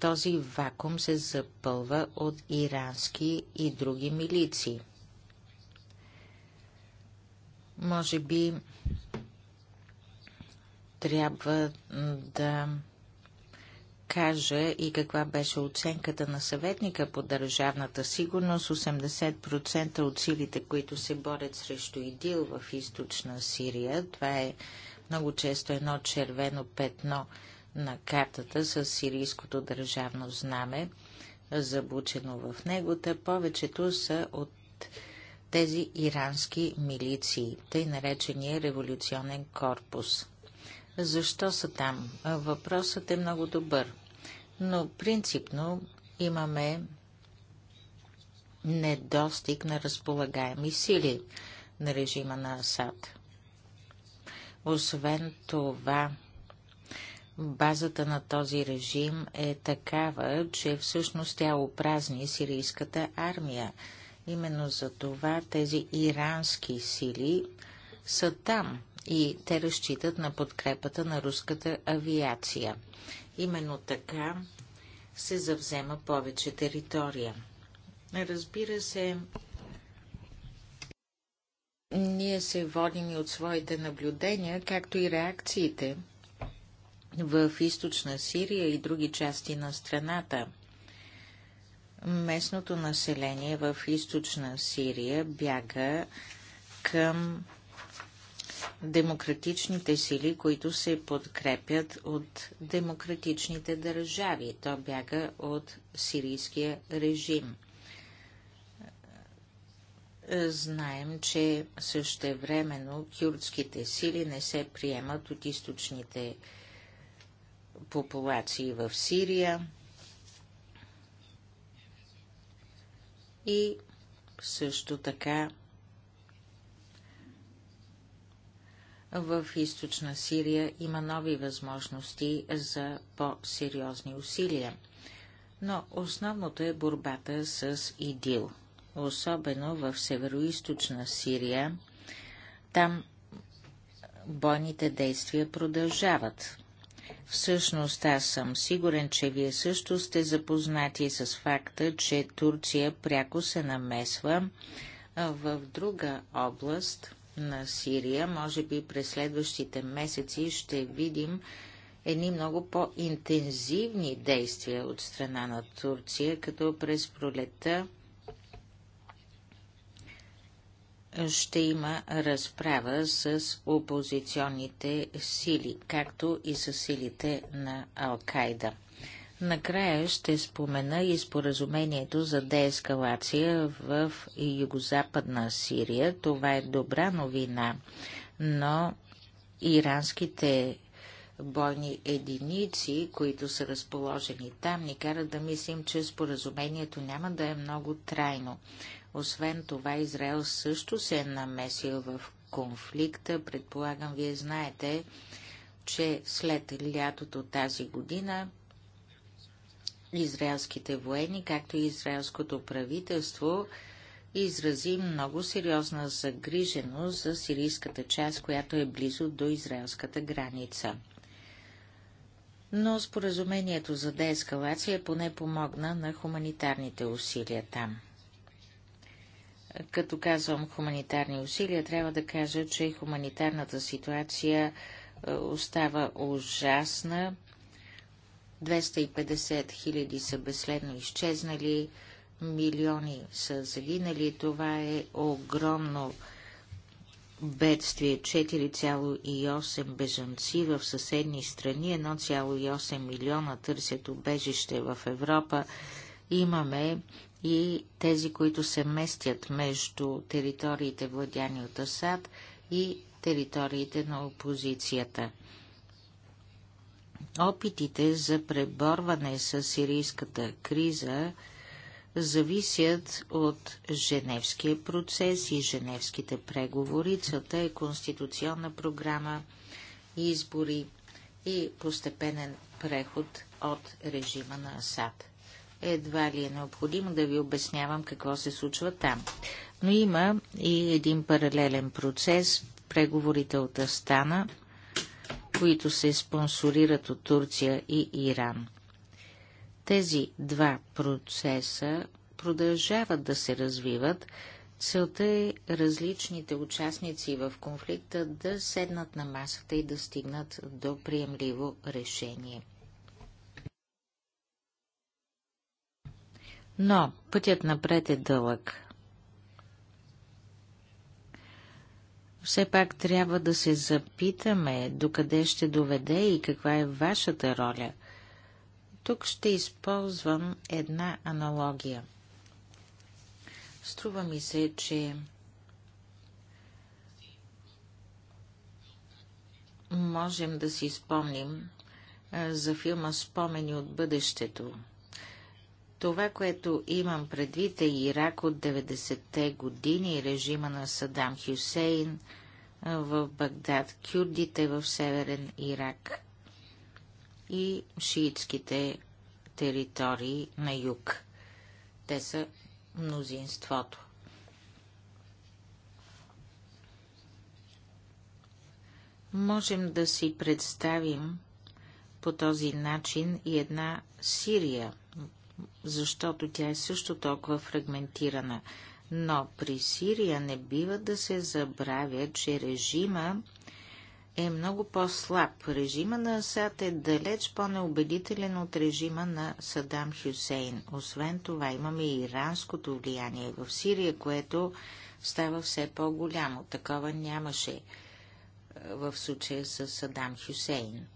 този вакуум се запълва от ирански и други милиции. Може би трябва да кажа и каква беше оценката на съветника по държавната сигурност. 80% от силите, които се борят срещу ИДИЛ в източна Сирия, това е много често едно червено петно на картата с сирийското държавно знаме, забучено в него, Те повечето са от тези ирански милиции, тъй наречения революционен корпус. Защо са там? Въпросът е много добър. Но принципно имаме недостиг на разполагаеми сили на режима на Асад. Освен това, базата на този режим е такава, че всъщност тя опразни сирийската армия. Именно за това тези ирански сили са там и те разчитат на подкрепата на руската авиация. Именно така се завзема повече територия. Разбира се, ние се водим и от своите наблюдения, както и реакциите в източна Сирия и други части на страната. Местното население в източна Сирия бяга към демократичните сили, които се подкрепят от демократичните държави. То бяга от сирийския режим. Знаем, че същевременно кюрдските сили не се приемат от източните популации в Сирия и също така в източна Сирия има нови възможности за по-сериозни усилия. Но основното е борбата с ИДИЛ, особено в северо Сирия. Там бойните действия продължават. Всъщност аз съм сигурен, че вие също сте запознати с факта, че Турция пряко се намесва в друга област – на Сирия. Може би през следващите месеци ще видим едни много по-интензивни действия от страна на Турция, като през пролета ще има разправа с опозиционните сили, както и с силите на Ал-Кайда. Накрая ще спомена и споразумението за деескалация в Югозападна Сирия. Това е добра новина, но иранските бойни единици, които са разположени там, ни карат да мислим, че споразумението няма да е много трайно. Освен това, Израел също се е намесил в конфликта. Предполагам, вие знаете, че след лятото тази година израелските военни, както и израелското правителство, изрази много сериозна загриженост за сирийската част, която е близо до израелската граница. Но споразумението за деескалация поне помогна на хуманитарните усилия там. Като казвам хуманитарни усилия, трябва да кажа, че хуманитарната ситуация е, остава ужасна. 250 хиляди са безследно изчезнали, милиони са загинали. Това е огромно бедствие. 4,8 бежанци в съседни страни, 1,8 милиона търсят убежище в Европа. Имаме и тези, които се местят между териториите владяни от Асад и териториите на опозицията. Опитите за преборване с сирийската криза зависят от Женевския процес и Женевските преговори. Целта е конституционна програма, избори и постепенен преход от режима на Асад. Едва ли е необходимо да ви обяснявам какво се случва там. Но има и един паралелен процес преговорите от Астана които се спонсорират от Турция и Иран. Тези два процеса продължават да се развиват. Целта е различните участници в конфликта да седнат на масата и да стигнат до приемливо решение. Но пътят напред е дълъг. Все пак трябва да се запитаме докъде ще доведе и каква е вашата роля. Тук ще използвам една аналогия. Струва ми се, че можем да си спомним за филма Спомени от бъдещето. Това, което имам предвид е Ирак от 90-те години, режима на Садам Хюсейн – в Багдад, кюрдите в северен Ирак и шиитските територии на юг. Те са мнозинството. Можем да си представим по този начин и една Сирия, защото тя е също толкова фрагментирана – но при Сирия не бива да се забравя, че режима е много по-слаб. Режима на Асад е далеч по-неубедителен от режима на Садам Хюсейн. Освен това имаме и иранското влияние в Сирия, което става все по-голямо. Такова нямаше в случая с Садам Хюсейн.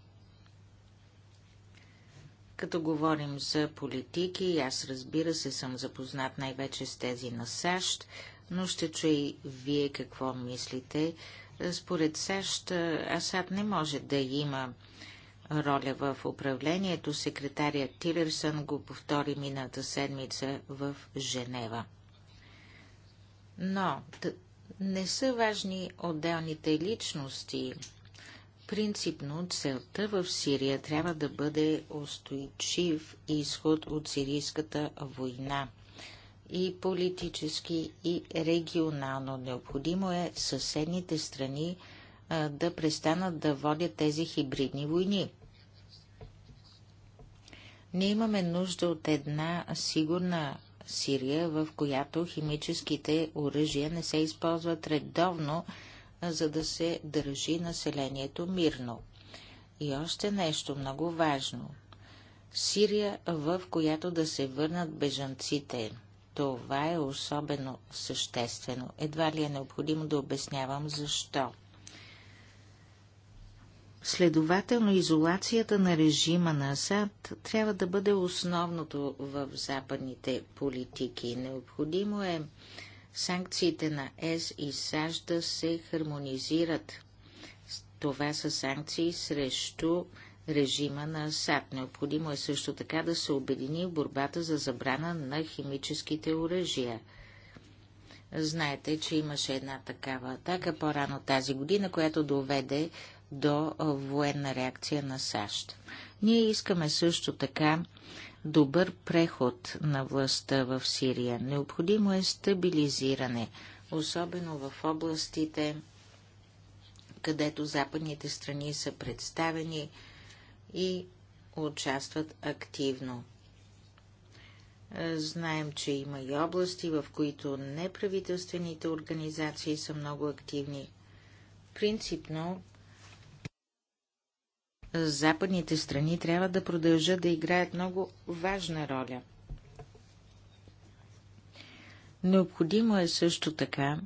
Като говорим за политики, аз разбира се съм запознат най-вече с тези на САЩ, но ще чуя и вие какво мислите. Според САЩ Асад не може да има роля в управлението. Секретаря Тилерсън го повтори мината седмица в Женева. Но не са важни отделните личности, Принципно целта в Сирия трябва да бъде устойчив изход от сирийската война и политически, и регионално. Необходимо е съседните страни а, да престанат да водят тези хибридни войни. Ние имаме нужда от една сигурна Сирия, в която химическите оръжия не се използват редовно, за да се държи населението мирно. И още нещо много важно. Сирия, в която да се върнат бежанците. Това е особено съществено. Едва ли е необходимо да обяснявам защо. Следователно, изолацията на режима на Асад трябва да бъде основното в западните политики. Необходимо е Санкциите на ЕС и САЩ да се хармонизират. Това са санкции срещу режима на САД. Необходимо е също така да се обедини в борбата за забрана на химическите оръжия. Знаете, че имаше една такава атака по-рано тази година, която доведе до военна реакция на САЩ. Ние искаме също така добър преход на властта в Сирия. Необходимо е стабилизиране, особено в областите, където западните страни са представени и участват активно. Знаем, че има и области, в които неправителствените организации са много активни. Принципно западните страни трябва да продължат да играят много важна роля. Необходимо е също така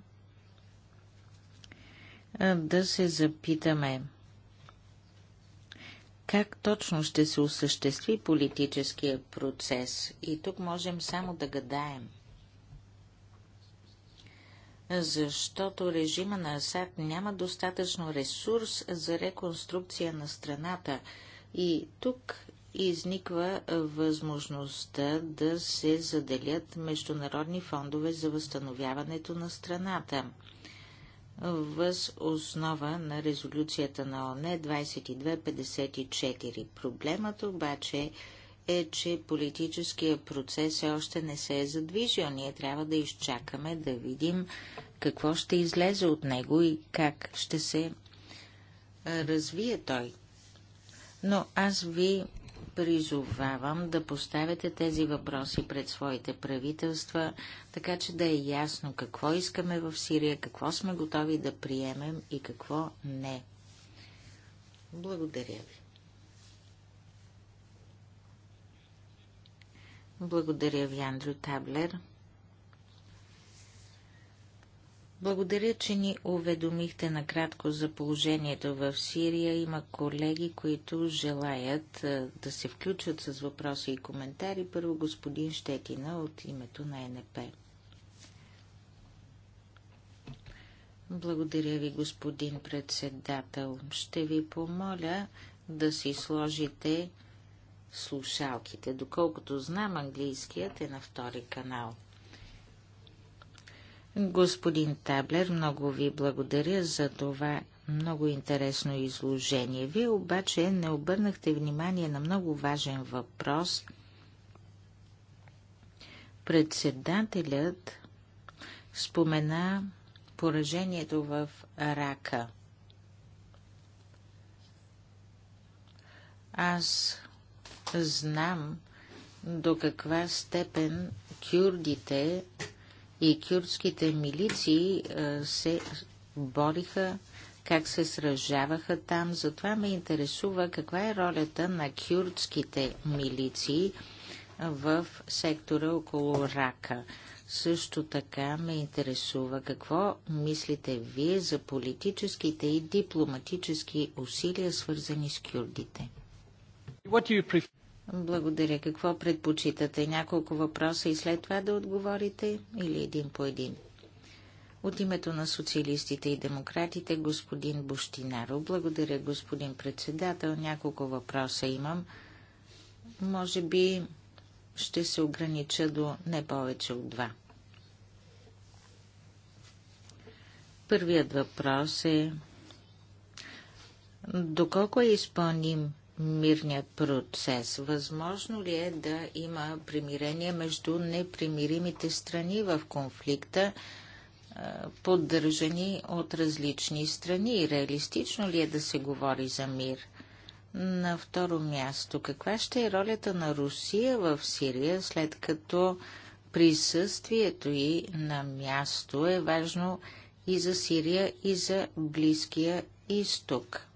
да се запитаме как точно ще се осъществи политическия процес. И тук можем само да гадаем защото режима на Асад няма достатъчно ресурс за реконструкция на страната. И тук изниква възможността да се заделят международни фондове за възстановяването на страната. Въз основа на резолюцията на ОНЕ 2254. Проблемът обаче е, е, че политическия процес все още не се е задвижил. Ние трябва да изчакаме да видим какво ще излезе от него и как ще се развие той. Но аз ви призовавам да поставяте тези въпроси пред своите правителства, така че да е ясно какво искаме в Сирия, какво сме готови да приемем и какво не. Благодаря ви. Благодаря ви, Андрю Таблер. Благодаря, че ни уведомихте накратко за положението в Сирия. Има колеги, които желаят да се включат с въпроси и коментари. Първо господин Щетина от името на НП. Благодаря ви, господин председател. Ще ви помоля да си сложите слушалките. Доколкото знам, английският е на втори канал. Господин Таблер, много ви благодаря за това много интересно изложение. Вие обаче не обърнахте внимание на много важен въпрос. Председателят спомена поражението в рака. Аз знам до каква степен кюрдите и кюрдските милиции се бориха, как се сражаваха там. Затова ме интересува каква е ролята на кюрдските милиции в сектора около Рака. Също така ме интересува какво мислите вие за политическите и дипломатически усилия, свързани с кюрдите. Благодаря. Какво предпочитате? Няколко въпроса и след това да отговорите или един по един? От името на социалистите и демократите, господин Буштинаро. Благодаря, господин председател. Няколко въпроса имам. Може би ще се огранича до не повече от два. Първият въпрос е доколко е изпълним мирният процес? Възможно ли е да има примирение между непримиримите страни в конфликта, поддържани от различни страни? Реалистично ли е да се говори за мир? На второ място, каква ще е ролята на Русия в Сирия, след като присъствието й на място е важно и за Сирия, и за Близкия изток?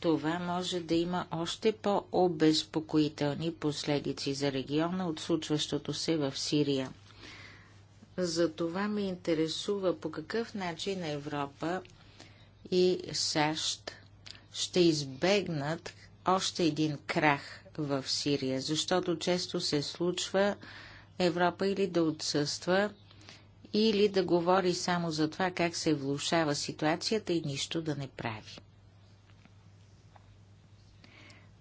това може да има още по-обезпокоителни последици за региона от случващото се в Сирия. За това ме интересува по какъв начин Европа и САЩ ще избегнат още един крах в Сирия, защото често се случва Европа или да отсъства, или да говори само за това как се влушава ситуацията и нищо да не прави.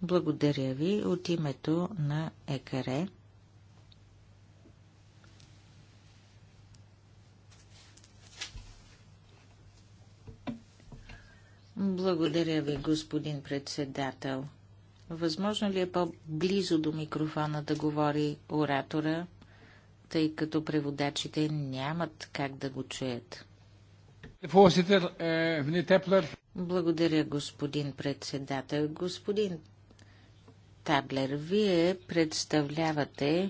Благодаря ви от името на ЕКАРЕ. Благодаря ви, господин председател. Възможно ли е по-близо до микрофона да говори оратора, тъй като преводачите нямат как да го чуят? Eh, Благодаря, господин председател. Господин Таблер, вие представлявате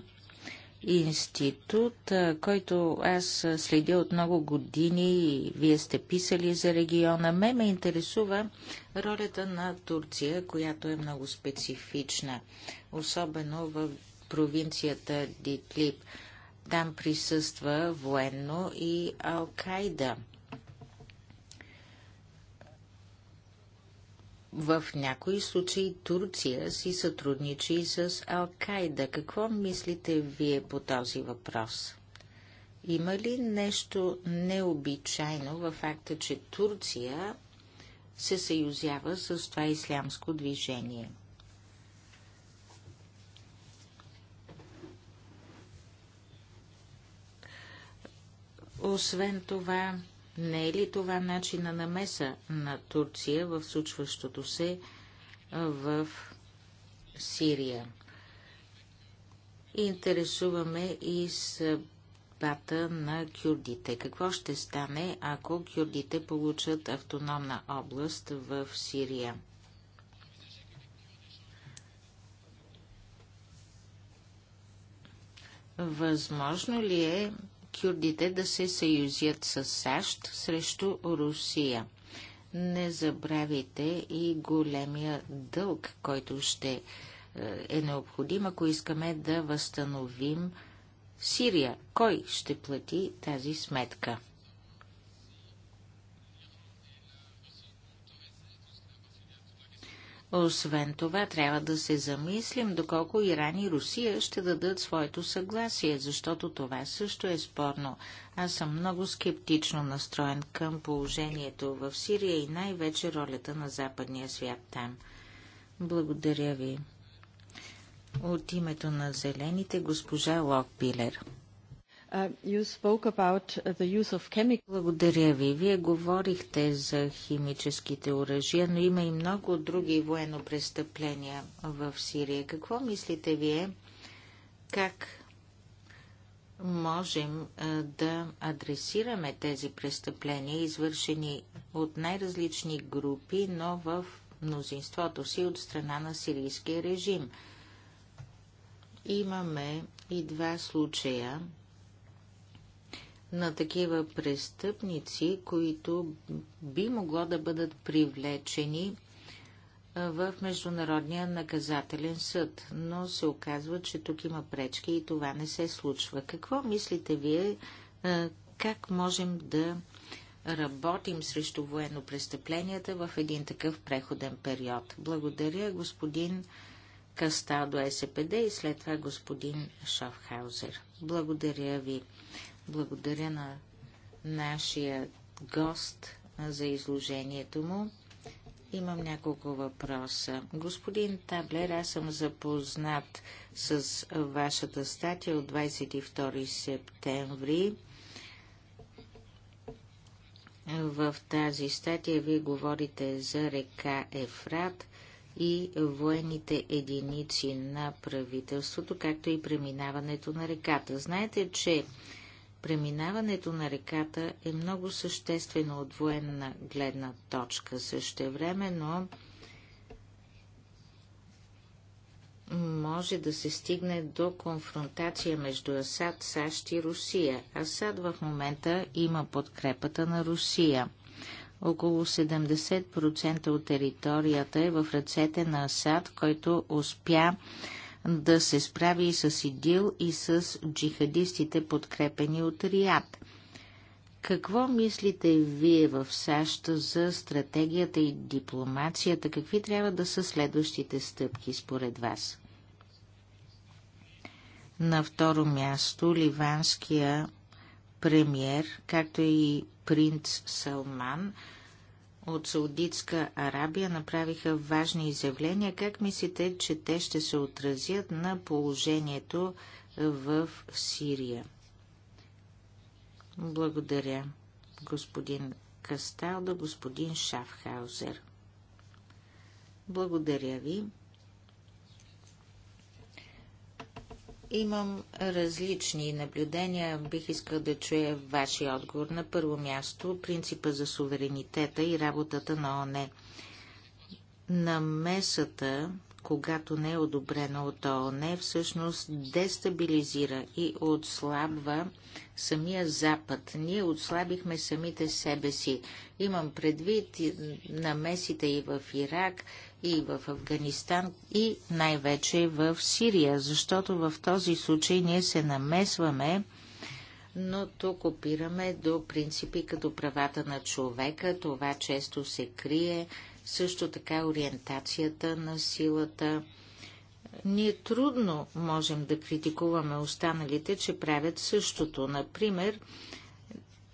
институт, който аз следя от много години и вие сте писали за региона. Ме ме интересува ролята на Турция, която е много специфична, особено в провинцията Дитлип. Там присъства военно и Алкайда – В някои случаи Турция си сътрудничи с Ал-Кайда. Какво мислите вие по този въпрос? Има ли нещо необичайно във факта, че Турция се съюзява с това ислямско движение? Освен това, не е ли това начина на меса на Турция в случващото се в Сирия? Интересуваме и с съдбата на кюрдите. Какво ще стане, ако кюрдите получат автономна област в Сирия? Възможно ли е кюрдите да се съюзят с САЩ срещу Русия. Не забравяйте и големия дълг, който ще е, е необходим, ако искаме да възстановим Сирия. Кой ще плати тази сметка? Освен това, трябва да се замислим доколко Иран и Русия ще дадат своето съгласие, защото това също е спорно. Аз съм много скептично настроен към положението в Сирия и най-вече ролята на западния свят там. Благодаря ви. От името на зелените госпожа Локпилер. Uh, uh, Благодаря ви. Вие говорихте за химическите оръжия, но има и много други военно престъпления в Сирия. Какво мислите вие? Как можем да адресираме тези престъпления, извършени от най-различни групи, но в мнозинството си от страна на сирийския режим? Имаме и два случая на такива престъпници, които би могло да бъдат привлечени в Международния наказателен съд, но се оказва, че тук има пречки и това не се случва. Какво мислите вие, как можем да работим срещу военно престъпленията в един такъв преходен период? Благодаря господин Кастадо СПД и след това господин Шофхаузер. Благодаря ви. Благодаря на нашия гост за изложението му. Имам няколко въпроса. Господин Таблер, аз съм запознат с вашата статия от 22 септември. В тази статия вие говорите за река Ефрат и военните единици на правителството, както и преминаването на реката. Знаете, че Преминаването на реката е много съществено от военна гледна точка. Същевременно може да се стигне до конфронтация между Асад, САЩ и Русия. Асад в момента има подкрепата на Русия. Около 70% от територията е в ръцете на Асад, който успя да се справи и с ИДИЛ и с джихадистите, подкрепени от Риад. Какво мислите вие в САЩ за стратегията и дипломацията? Какви трябва да са следващите стъпки според вас? На второ място ливанския премьер, както и принц Салман – от Саудитска Арабия направиха важни изявления. Как мислите, че те ще се отразят на положението в Сирия? Благодаря, господин Касталда, господин Шафхаузер. Благодаря ви. Имам различни наблюдения. Бих искал да чуя вашия отговор. На първо място принципа за суверенитета и работата на ОНЕ. Намесата, когато не е одобрена от ООН, всъщност дестабилизира и отслабва самия Запад. Ние отслабихме самите себе си. Имам предвид намесите и в Ирак – и в Афганистан и най-вече в Сирия, защото в този случай ние се намесваме, но тук опираме до принципи като правата на човека, това често се крие, също така ориентацията на силата. Ние трудно можем да критикуваме останалите, че правят същото. Например,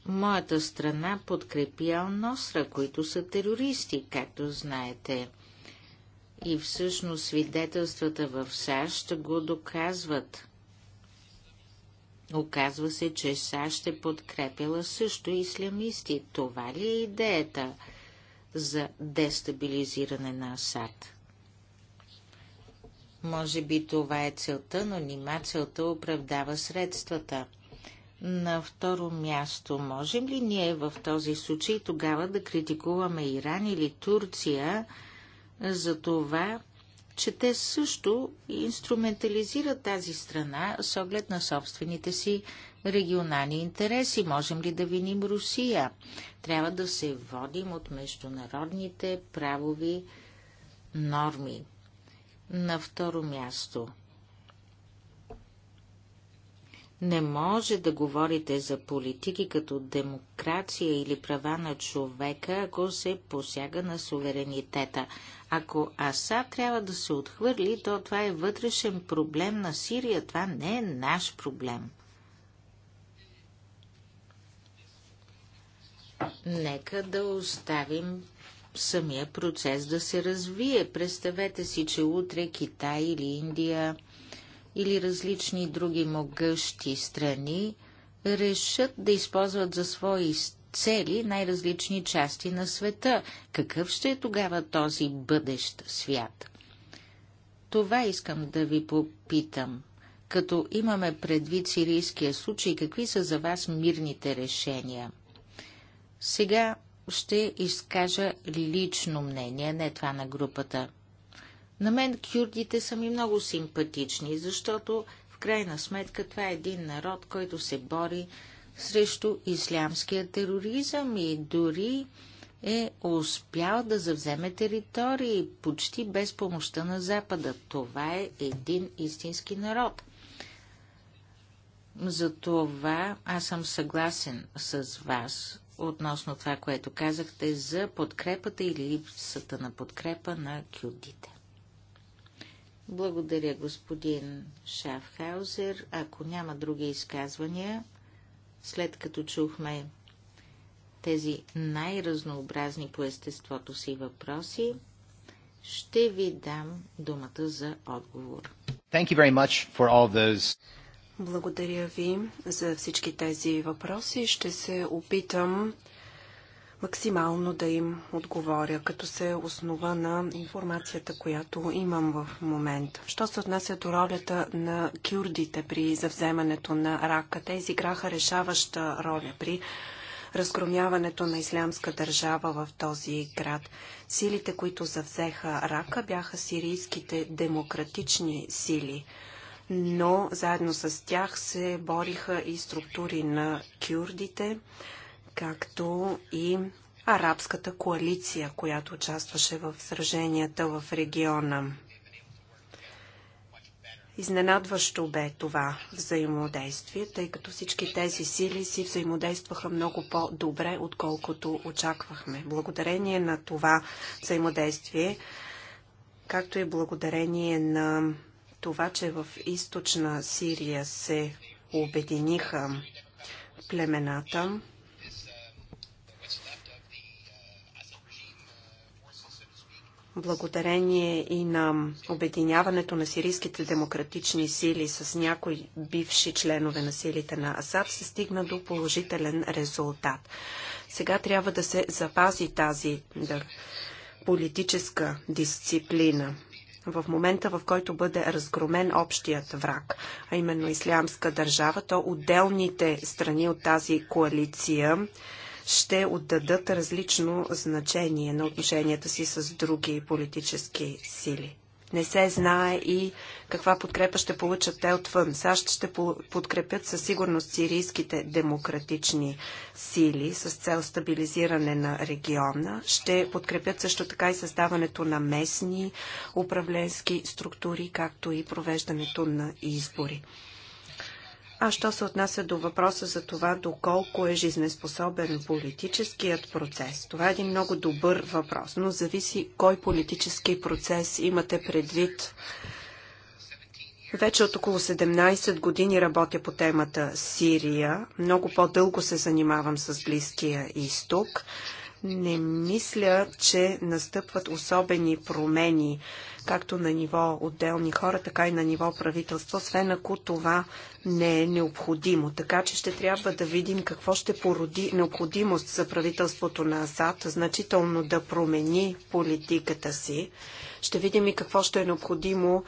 моята страна подкрепи Алносра, които са терористи, както знаете – и всъщност свидетелствата в САЩ го доказват. Оказва се, че САЩ е подкрепила също ислямисти. Това ли е идеята за дестабилизиране на Асад? Може би това е целта, но нима целта оправдава средствата. На второ място, можем ли ние в този случай тогава да критикуваме Иран или Турция, за това, че те също инструментализират тази страна с оглед на собствените си регионални интереси. Можем ли да виним Русия? Трябва да се водим от международните правови норми. На второ място – не може да говорите за политики като демокрация или права на човека, ако се посяга на суверенитета. Ако Асад трябва да се отхвърли, то това е вътрешен проблем на Сирия. Това не е наш проблем. Нека да оставим самия процес да се развие. Представете си, че утре Китай или Индия или различни други могъщи страни решат да използват за свои цели най-различни части на света. Какъв ще е тогава този бъдещ свят? Това искам да ви попитам. Като имаме предвид сирийския случай, какви са за вас мирните решения? Сега ще изкажа лично мнение, не това на групата. На мен кюрдите са ми много симпатични, защото в крайна сметка това е един народ, който се бори срещу ислямския тероризъм и дори е успял да завземе територии почти без помощта на Запада. Това е един истински народ. Затова аз съм съгласен с вас относно това, което казахте за подкрепата или липсата на подкрепа на кюрдите. Благодаря, господин Шафхаузер. Ако няма други изказвания, след като чухме тези най-разнообразни по естеството си въпроси, ще ви дам думата за отговор. Thank you very much for all those. Благодаря ви за всички тези въпроси. Ще се опитам максимално да им отговоря, като се основа на информацията, която имам в момента. Що се отнася до ролята на кюрдите при завземането на рака? Те изиграха решаваща роля при разгромяването на ислямска държава в този град. Силите, които завзеха рака, бяха сирийските демократични сили но заедно с тях се бориха и структури на кюрдите, както и арабската коалиция, която участваше в сраженията в региона. Изненадващо бе това взаимодействие, тъй като всички тези сили си взаимодействаха много по-добре, отколкото очаквахме. Благодарение на това взаимодействие, както и благодарение на това, че в източна Сирия се обединиха племената, благодарение и на обединяването на сирийските демократични сили с някои бивши членове на силите на Асад, се стигна до положителен резултат. Сега трябва да се запази тази да, политическа дисциплина. В момента, в който бъде разгромен общият враг, а именно Ислямска държава, то отделните страни от тази коалиция ще отдадат различно значение на отношенията си с други политически сили. Не се знае и каква подкрепа ще получат те отвън. САЩ ще подкрепят със сигурност сирийските демократични сили с цел стабилизиране на региона. Ще подкрепят също така и създаването на местни управленски структури, както и провеждането на избори. А що се отнася до въпроса за това, доколко е жизнеспособен политическият процес? Това е един много добър въпрос, но зависи кой политически процес имате предвид. Вече от около 17 години работя по темата Сирия. Много по-дълго се занимавам с Близкия изток. Не мисля, че настъпват особени промени, както на ниво отделни хора, така и на ниво правителство, освен ако това не е необходимо. Така че ще трябва да видим какво ще породи необходимост за правителството на Асад, значително да промени политиката си. Ще видим и какво ще е необходимо,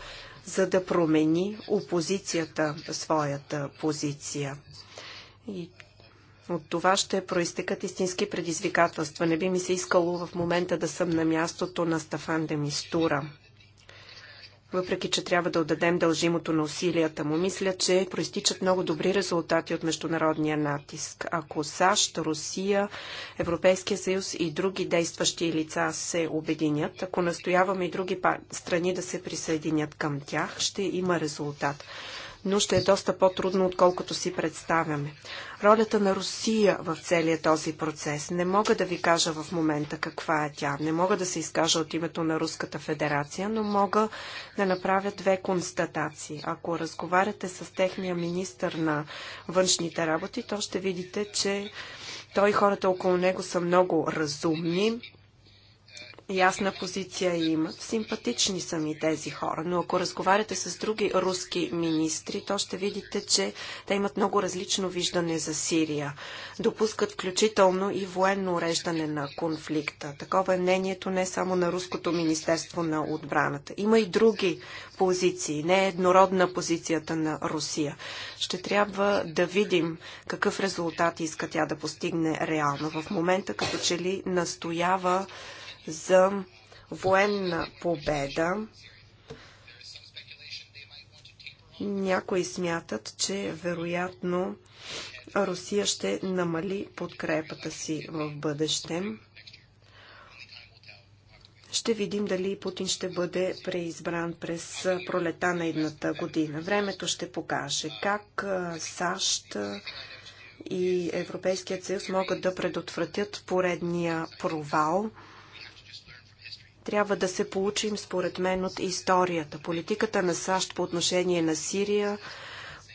за да промени опозицията своята позиция. И от това ще проистекат истински предизвикателства. Не би ми се искало в момента да съм на мястото на Стафан де Мистура. Въпреки, че трябва да отдадем дължимото на усилията му, мисля, че проистичат много добри резултати от международния натиск. Ако САЩ, Русия, Европейския съюз и други действащи лица се обединят, ако настояваме и други страни да се присъединят към тях, ще има резултат но ще е доста по-трудно, отколкото си представяме. Ролята на Русия в целия този процес. Не мога да ви кажа в момента каква е тя. Не мога да се изкажа от името на Руската федерация, но мога да направя две констатации. Ако разговаряте с техния министр на външните работи, то ще видите, че той и хората около него са много разумни, ясна позиция имат. Симпатични са ми тези хора, но ако разговаряте с други руски министри, то ще видите, че те имат много различно виждане за Сирия. Допускат включително и военно уреждане на конфликта. Такова е мнението не само на Руското Министерство на отбраната. Има и други позиции. Не е еднородна позицията на Русия. Ще трябва да видим какъв резултат иска тя да постигне реално. В момента като че ли настоява за военна победа. Някои смятат, че вероятно Русия ще намали подкрепата си в бъдеще. Ще видим дали Путин ще бъде преизбран през пролета на едната година. Времето ще покаже как САЩ и Европейският съюз могат да предотвратят поредния провал – трябва да се получим, според мен, от историята. Политиката на САЩ по отношение на Сирия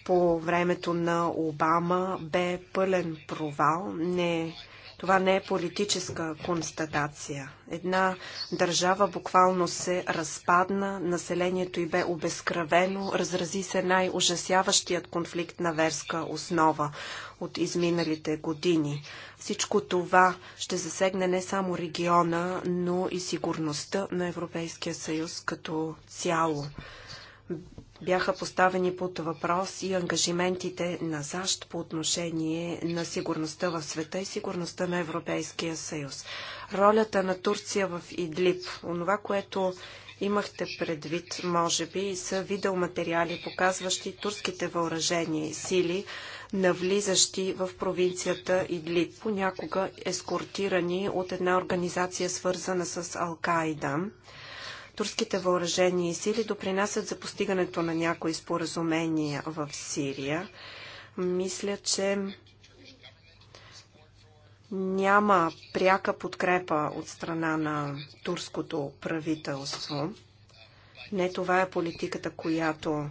по времето на Обама бе пълен провал. Не това не е политическа констатация. Една държава буквално се разпадна, населението й бе обезкръвено, разрази се най-ужасяващият конфликт на верска основа от изминалите години. Всичко това ще засегне не само региона, но и сигурността на Европейския съюз като цяло бяха поставени под въпрос и ангажиментите на САЩ по отношение на сигурността в света и сигурността на Европейския съюз. Ролята на Турция в Идлиб, онова, което имахте предвид, може би, са видеоматериали, показващи турските въоръжени сили, навлизащи в провинцията Идлиб, понякога ескортирани от една организация, свързана с Ал-Каида турските въоръжени сили допринасят за постигането на някои споразумения в Сирия. Мисля, че няма пряка подкрепа от страна на турското правителство. Не това е политиката, която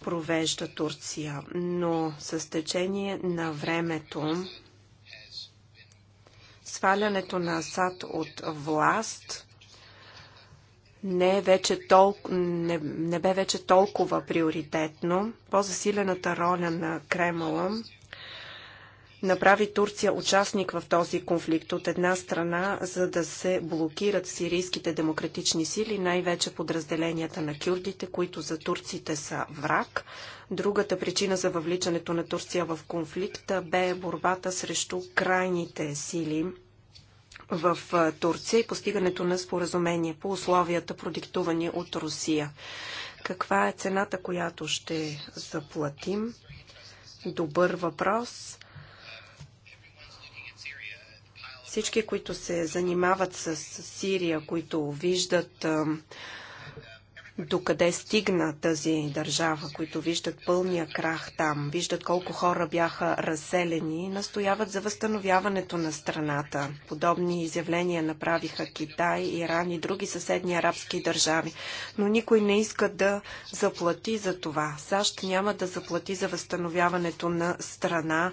провежда Турция, но с течение на времето свалянето на Асад от власт не, е вече тол... не, не бе вече толкова приоритетно. По-засилената роля на Кремъла направи Турция участник в този конфликт от една страна, за да се блокират сирийските демократични сили, най-вече подразделенията на кюрдите, които за турците са враг. Другата причина за въвличането на Турция в конфликта бе борбата срещу крайните сили в Турция и постигането на споразумение по условията, продиктувани от Русия. Каква е цената, която ще заплатим? Добър въпрос. Всички, които се занимават с Сирия, които виждат докъде стигна тази държава, които виждат пълния крах там, виждат колко хора бяха разселени и настояват за възстановяването на страната. Подобни изявления направиха Китай, Иран и други съседни арабски държави, но никой не иска да заплати за това. САЩ няма да заплати за възстановяването на страна,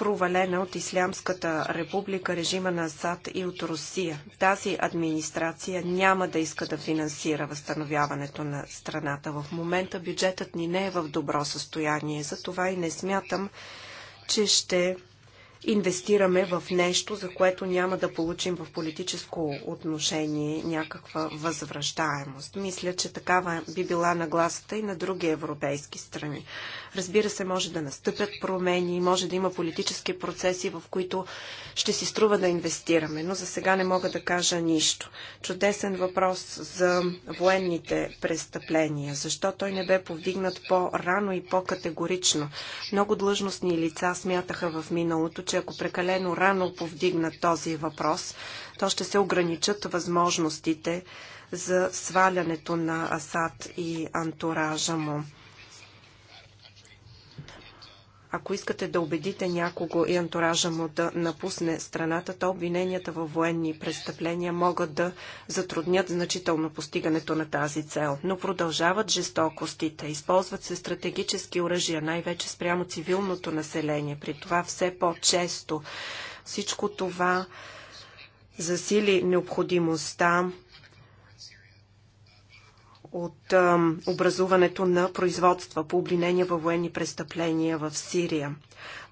провалена от Ислямската република, режима на Асад и от Русия. Тази администрация няма да иска да финансира възстановяването на страната. В момента бюджетът ни не е в добро състояние, затова и не смятам, че ще инвестираме в нещо, за което няма да получим в политическо отношение някаква възвръщаемост. Мисля, че такава би била нагласата и на други европейски страни. Разбира се, може да настъпят промени, може да има политически процеси, в които ще си струва да инвестираме, но за сега не мога да кажа нищо. Чудесен въпрос за военните престъпления. Защо той не бе повдигнат по-рано и по-категорично? Много длъжностни лица смятаха в миналото, че ако прекалено рано повдигнат този въпрос, то ще се ограничат възможностите за свалянето на Асад и антуража му. Ако искате да убедите някого и антуража му да напусне страната, то обвиненията във военни престъпления могат да затруднят значително постигането на тази цел. Но продължават жестокостите, използват се стратегически оръжия, най-вече спрямо цивилното население, при това все по-често. Всичко това засили необходимостта от образуването на производства по обвинения във военни престъпления в Сирия.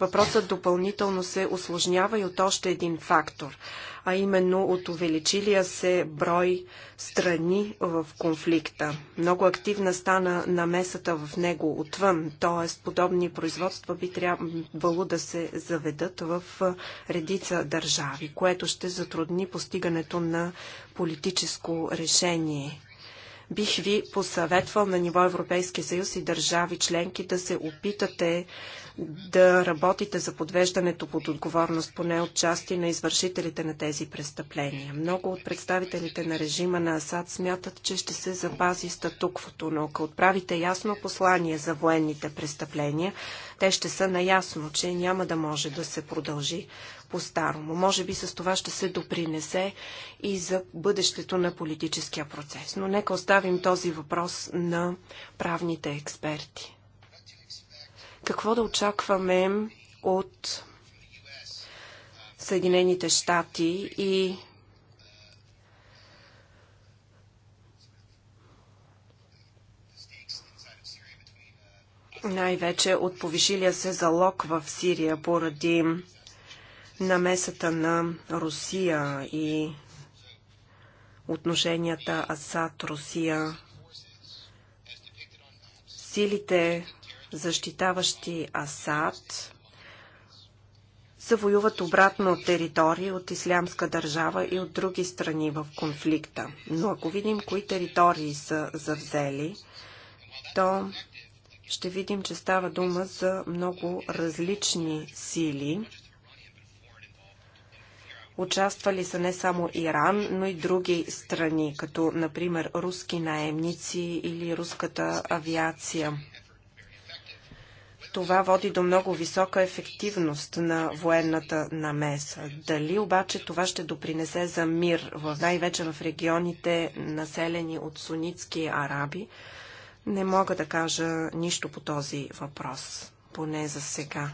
Въпросът допълнително се осложнява и от още един фактор, а именно от увеличилия се брой страни в конфликта. Много активна стана намесата в него отвън, т.е. подобни производства би трябвало да се заведат в редица държави, което ще затрудни постигането на политическо решение бих ви посъветвал на ниво Европейския съюз и държави членки да се опитате да работите за подвеждането под отговорност поне от части на извършителите на тези престъпления. Много от представителите на режима на Асад смятат, че ще се запази статуквото, но ако отправите ясно послание за военните престъпления, те ще са наясно, че няма да може да се продължи по-старому. Може би с това ще се допринесе и за бъдещето на политическия процес. Но нека оставим този въпрос на правните експерти. Какво да очакваме от Съединените щати и най-вече от повишилия се залог в Сирия поради намесата на Русия и отношенията Асад-Русия, силите, защитаващи Асад, завоюват обратно територии от Ислямска държава и от други страни в конфликта. Но ако видим кои територии са завзели, то ще видим, че става дума за много различни сили, Участвали са не само Иран, но и други страни, като например руски наемници или руската авиация. Това води до много висока ефективност на военната намеса. Дали обаче това ще допринесе за мир, най-вече в регионите населени от сунитски араби, не мога да кажа нищо по този въпрос, поне за сега.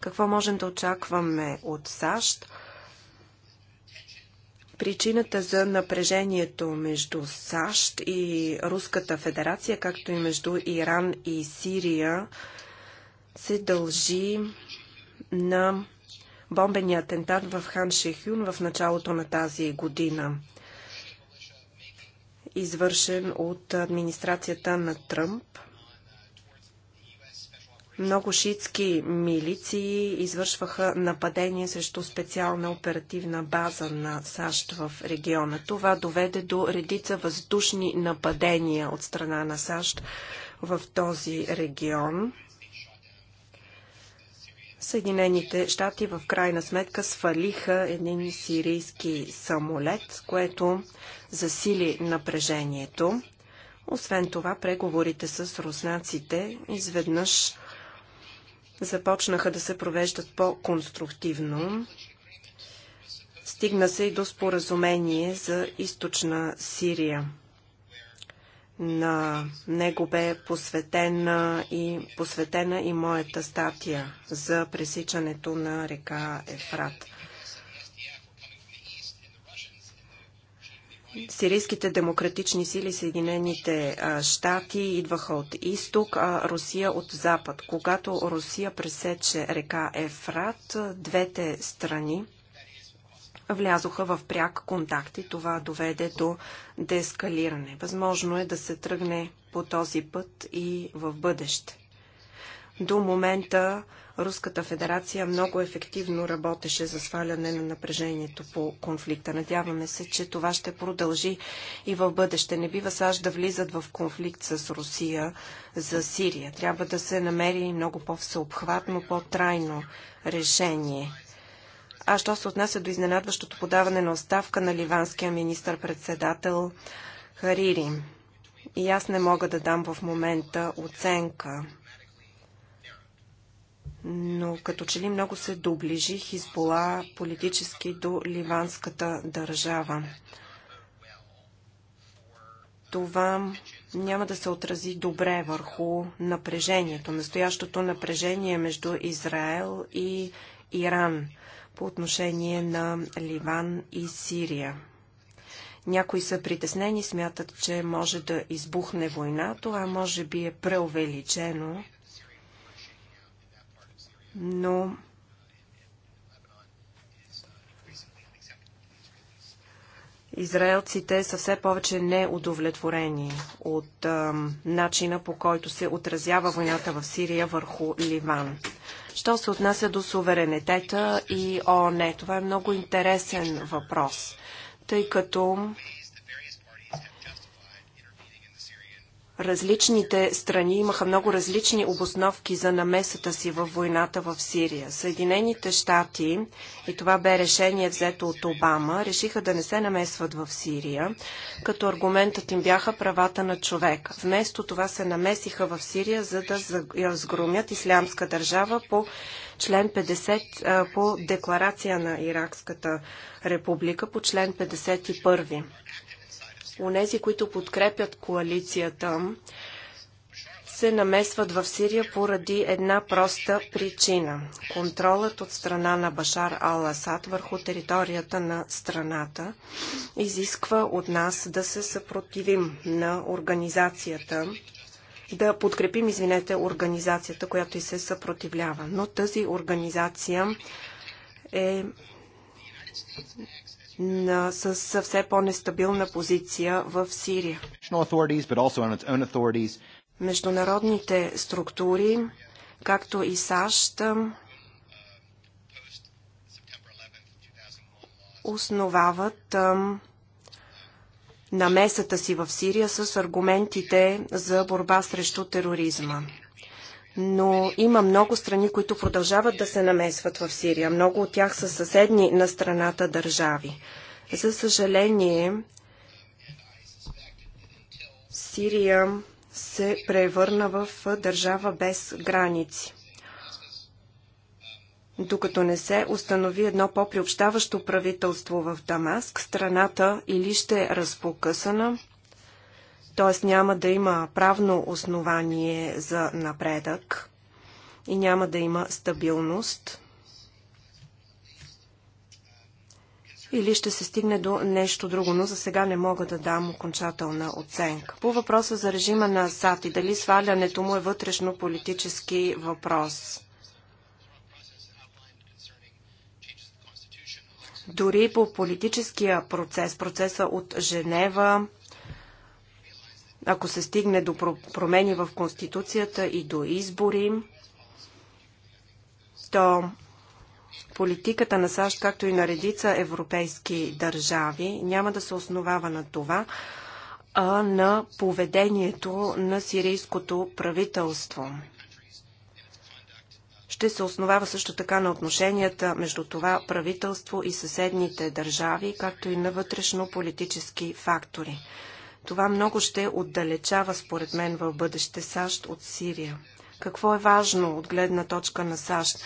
Какво можем да очакваме от САЩ? Причината за напрежението между САЩ и Руската федерация, както и между Иран и Сирия, се дължи на бомбения атентат в Хан Шехюн в началото на тази година, извършен от администрацията на Тръмп много шитски милиции извършваха нападение срещу специална оперативна база на САЩ в региона. Това доведе до редица въздушни нападения от страна на САЩ в този регион. Съединените щати в крайна сметка свалиха един сирийски самолет, което засили напрежението. Освен това, преговорите с руснаците изведнъж започнаха да се провеждат по-конструктивно. Стигна се и до споразумение за източна Сирия. На него бе посветена и, посветена и моята статия за пресичането на река Ефрат. Сирийските демократични сили Съединените щати идваха от изток, а Русия от запад. Когато Русия пресече река Ефрат, двете страни влязоха в пряк контакт и това доведе до деескалиране. Възможно е да се тръгне по този път и в бъдеще. До момента Руската федерация много ефективно работеше за сваляне на напрежението по конфликта. Надяваме се, че това ще продължи и в бъдеще. Не бива САЩ да влизат в конфликт с Русия за Сирия. Трябва да се намери много по-всеобхватно, по-трайно решение. А що се отнася до изненадващото подаване на оставка на ливанския министър-председател Харири? И аз не мога да дам в момента оценка но като че ли много се доближи Хизбола политически до ливанската държава. Това няма да се отрази добре върху напрежението, настоящото напрежение между Израел и Иран по отношение на Ливан и Сирия. Някои са притеснени, смятат, че може да избухне война. Това може би е преувеличено но израелците са все повече неудовлетворени от а, начина по който се отразява войната в Сирия върху Ливан. Що се отнася до суверенитета и ООН? Е, това е много интересен въпрос, тъй като Различните страни имаха много различни обосновки за намесата си във войната в Сирия. Съединените щати, и това бе решение взето от Обама, решиха да не се намесват в Сирия, като аргументът им бяха правата на човека. Вместо това се намесиха в Сирия, за да сгромят ислямска държава по член 50 по декларация на Иракската република по член 51. Онези, които подкрепят коалицията, се намесват в Сирия поради една проста причина – контролът от страна на Башар Ал-Асад върху територията на страната изисква от нас да се съпротивим на организацията, да подкрепим, извинете, организацията, която и се съпротивлява. Но тази организация е на, с все по-нестабилна позиция в Сирия. Международните структури, както и САЩ, основават намесата си в Сирия с аргументите за борба срещу тероризма но има много страни, които продължават да се намесват в Сирия. Много от тях са съседни на страната държави. За съжаление, Сирия се превърна в държава без граници. Докато не се установи едно по-приобщаващо правителство в Дамаск, страната или ще е разпокъсана, т.е. няма да има правно основание за напредък и няма да има стабилност. Или ще се стигне до нещо друго, но за сега не мога да дам окончателна оценка. По въпроса за режима на САД и дали свалянето му е вътрешно политически въпрос. Дори по политическия процес, процеса от Женева, ако се стигне до промени в Конституцията и до избори, то политиката на САЩ, както и на редица европейски държави, няма да се основава на това, а на поведението на сирийското правителство. Ще се основава също така на отношенията между това правителство и съседните държави, както и на вътрешно-политически фактори. Това много ще отдалечава, според мен, в бъдеще САЩ от Сирия. Какво е важно от гледна точка на САЩ?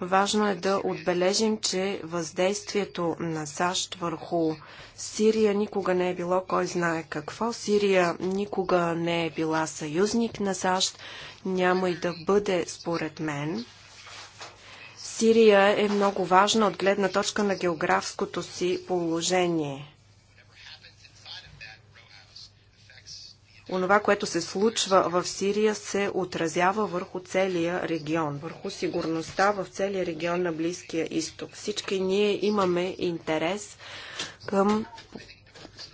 Важно е да отбележим, че въздействието на САЩ върху Сирия никога не е било кой знае какво. Сирия никога не е била съюзник на САЩ, няма и да бъде според мен. Сирия е много важна от гледна точка на географското си положение. онова, което се случва в Сирия, се отразява върху целия регион, върху сигурността в целия регион на Близкия изток. Всички ние имаме интерес към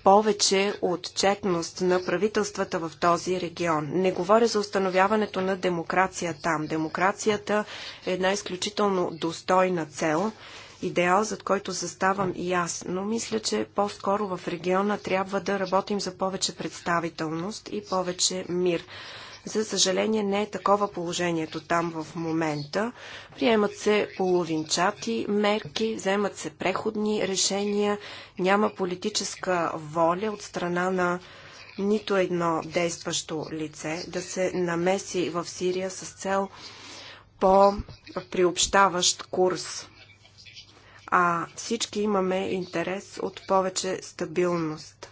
повече отчетност на правителствата в този регион. Не говоря за установяването на демокрация там. Демокрацията е една изключително достойна цел – идеал, зад който заставам и аз, но мисля, че по-скоро в региона трябва да работим за повече представителност и повече мир. За съжаление не е такова положението там в момента. Приемат се половинчати мерки, вземат се преходни решения, няма политическа воля от страна на нито едно действащо лице да се намеси в Сирия с цел по-приобщаващ курс а всички имаме интерес от повече стабилност.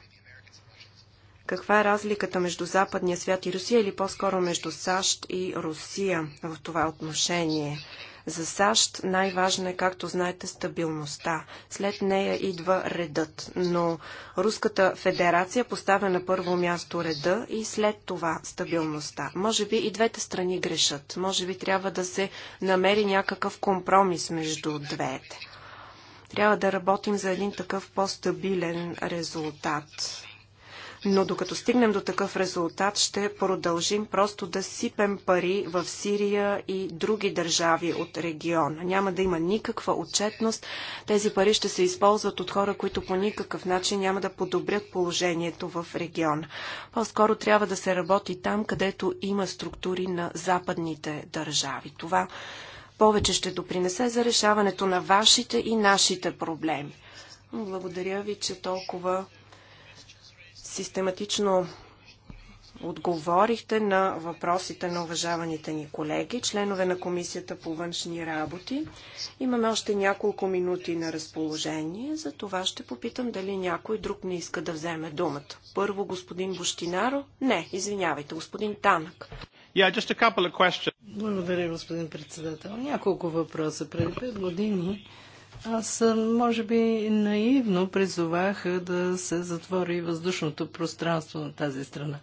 Каква е разликата между западния свят и Русия или по-скоро между САЩ и Русия в това отношение? За САЩ най-важна е, както знаете, стабилността. След нея идва редът, но Руската федерация поставя на първо място реда и след това стабилността. Може би и двете страни грешат. Може би трябва да се намери някакъв компромис между двете. Трябва да работим за един такъв по-стабилен резултат. Но докато стигнем до такъв резултат, ще продължим просто да сипем пари в Сирия и други държави от региона. Няма да има никаква отчетност. Тези пари ще се използват от хора, които по никакъв начин няма да подобрят положението в региона. По-скоро трябва да се работи там, където има структури на западните държави. Това повече ще допринесе за решаването на вашите и нашите проблеми. Благодаря ви, че толкова систематично отговорихте на въпросите на уважаваните ни колеги, членове на Комисията по външни работи. Имаме още няколко минути на разположение, за това ще попитам дали някой друг не иска да вземе думата. Първо господин Бощинаро? Не, извинявайте, господин Танък. Благодаря, господин председател. Няколко въпроса. Преди пет години аз, може би, наивно призовах да се затвори въздушното пространство на тази страна.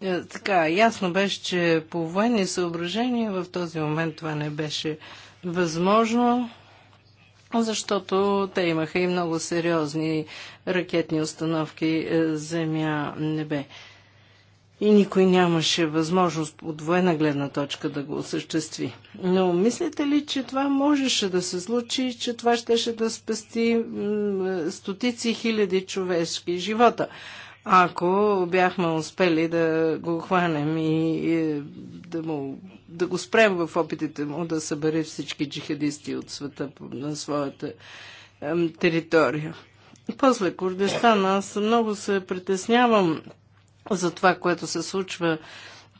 Е, така, ясно беше, че по военни съображения в този момент това не беше възможно, защото те имаха и много сериозни ракетни установки е, земя-небе и никой нямаше възможност от военна гледна точка да го осъществи. Но мислите ли, че това можеше да се случи, че това щеше да спасти стотици хиляди човешки живота, ако бяхме успели да го хванем и, да, му, да го спрем в опитите му да събере всички джихадисти от света на своята територия? После Курдистан аз много се притеснявам за това, което се случва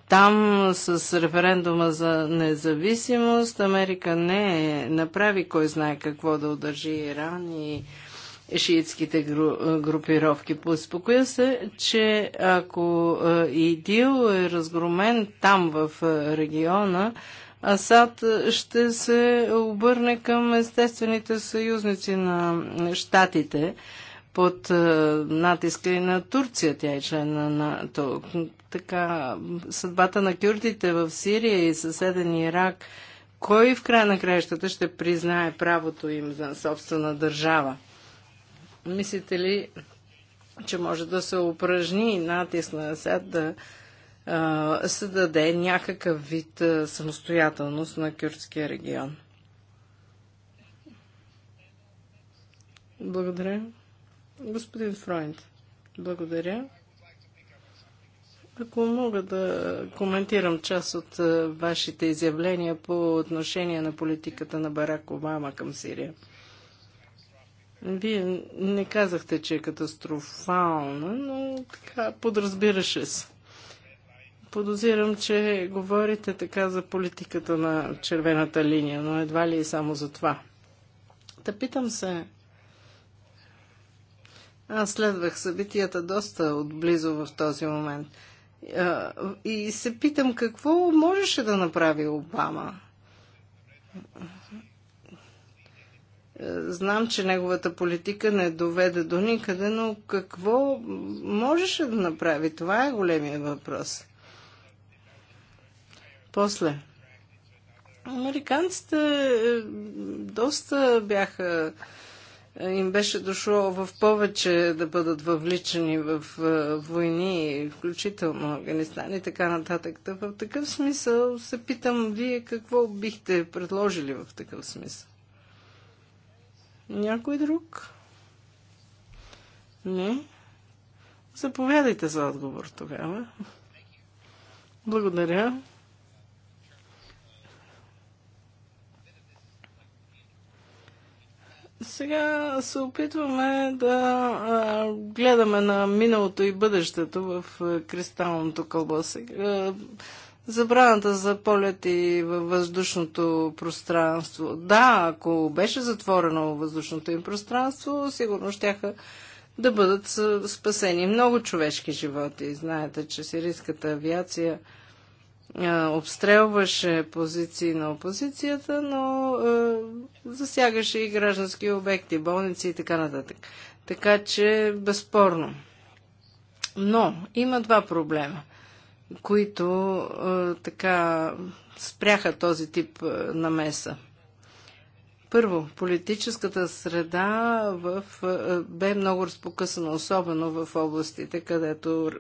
там с референдума за независимост. Америка не е направи кой знае какво да удържи Иран и шиитските групировки. Поуспокоя се, че ако е, ИДИЛ е разгромен там в е, региона, Асад ще се обърне към естествените съюзници на щатите под е, натиска и на Турция. Тя е член на НАТО. Така, съдбата на кюрдите в Сирия и съседен Ирак. Кой в края на краищата ще признае правото им за собствена държава? Мислите ли, че може да се упражни натиск на Асад да се даде някакъв вид самостоятелност на кюрдския регион? Благодаря. Господин Фройнд, благодаря. Ако мога да коментирам част от е, вашите изявления по отношение на политиката на Барак Обама към Сирия. Вие не казахте, че е катастрофална, но така подразбираше се. Подозирам, че говорите така за политиката на червената линия, но едва ли и само за това. Та питам се, аз следвах събитията доста отблизо в този момент. И се питам какво можеше да направи Обама. Знам, че неговата политика не доведе до никъде, но какво можеше да направи? Това е големия въпрос. После. Американците е, доста бяха им беше дошло в повече да бъдат въвличани в войни, включително Афганистан и така нататък. Та в такъв смисъл се питам, вие какво бихте предложили в такъв смисъл? Някой друг? Не? Заповядайте за отговор тогава. Благодаря. Сега се опитваме да гледаме на миналото и бъдещето в кристалното кълбо. Забраната за полети във въздушното пространство. Да, ако беше затворено въздушното им пространство, сигурно щяха да бъдат спасени много човешки животи. Знаете, че сирийската авиация е, обстрелваше позиции на опозицията, но е, засягаше и граждански обекти, болници и така нататък. Така че, безспорно. Но има два проблема, които е, така спряха този тип е, намеса. Първо, политическата среда в, е, бе много разпокъсана, особено в областите, където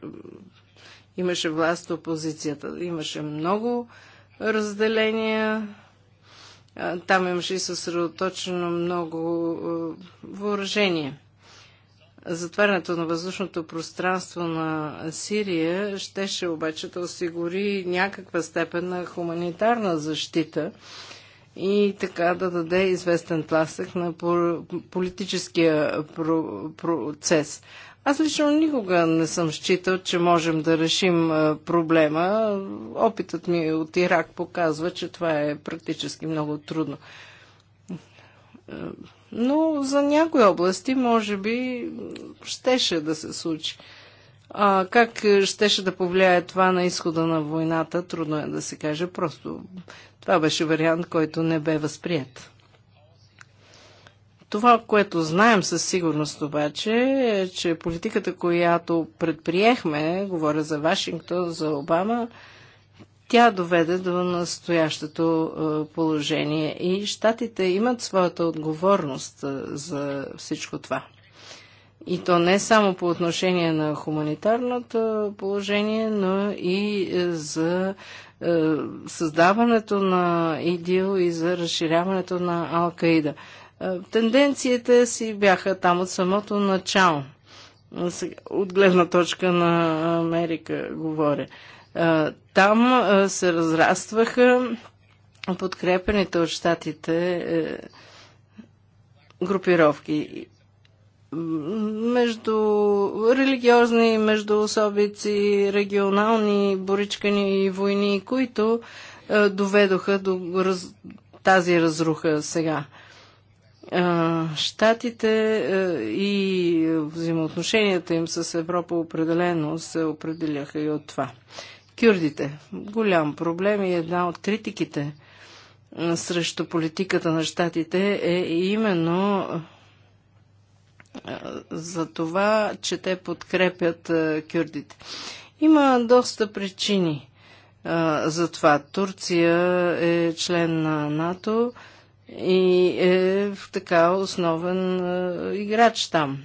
имаше власт опозицията. Имаше много разделения. Там имаше и съсредоточено много въоръжение. Затварянето на въздушното пространство на Сирия щеше обаче да осигури някаква степен на хуманитарна защита и така да даде известен тласък на политическия процес. Аз лично никога не съм считал, че можем да решим проблема. Опитът ми от Ирак показва, че това е практически много трудно. Но за някои области, може би, щеше да се случи. А как щеше да повлияе това на изхода на войната, трудно е да се каже. Просто това беше вариант, който не бе възприят. Това, което знаем със сигурност обаче, е, че политиката, която предприехме, говоря за Вашингтон, за Обама, тя доведе до настоящото е, положение и щатите имат своята отговорност е, за всичко това. И то не само по отношение на хуманитарното положение, но и е, за създаването на ИДИЛ и за разширяването на Алкаида. каида е, тенденциите си бяха там от самото начало. Е, от гледна точка на Америка говоря. Е, там се разрастваха подкрепените от щатите групировки между религиозни, между особици, регионални боричкани и войни, които доведоха до раз... тази разруха сега. Штатите и взаимоотношенията им с Европа определено се определяха и от това. Кюрдите. Голям проблем и една от критиките срещу политиката на щатите е именно за това, че те подкрепят кюрдите. Има доста причини за това. Турция е член на НАТО и е в така основен е, играч там.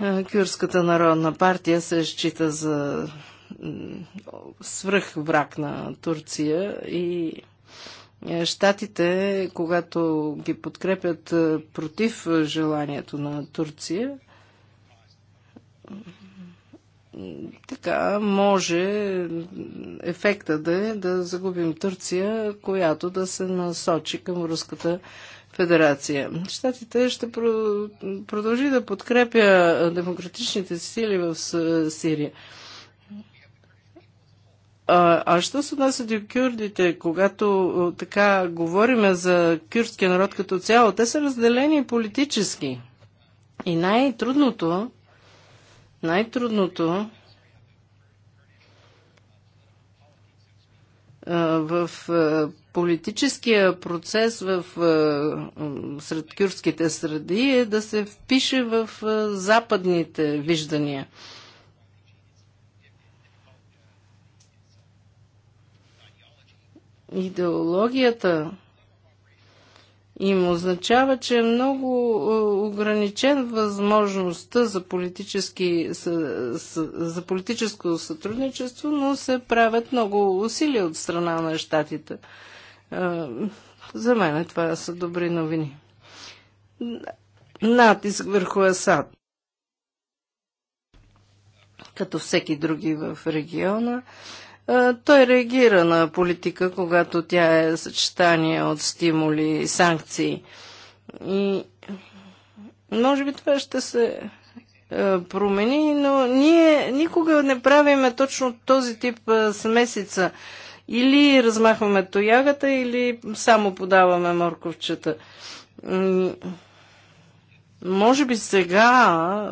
Е, Кюрската народна партия се счита за свръх враг на Турция и е, щатите, когато ги подкрепят е, против желанието на Турция, така може ефекта да е да загубим Турция, която да се насочи към Руската федерация. Штатите ще продължи да подкрепя демократичните сили в Сирия. А, а що се отнася до кюрдите, когато така говориме за кюрдския народ като цяло, те са разделени политически. И най-трудното най-трудното в политическия процес в, сред кюрските среди е да се впише в западните виждания. Идеологията им означава, че е много е, ограничен възможността за, политически, за политическо сътрудничество, но се правят много усилия от страна на щатите. Е, за мен това са добри новини. Натиск върху Асад. Като всеки други в региона, той реагира на политика, когато тя е съчетание от стимули и санкции. И може би това ще се промени, но ние никога не правиме точно този тип смесица. Или размахваме тоягата, или само подаваме морковчета. Може би сега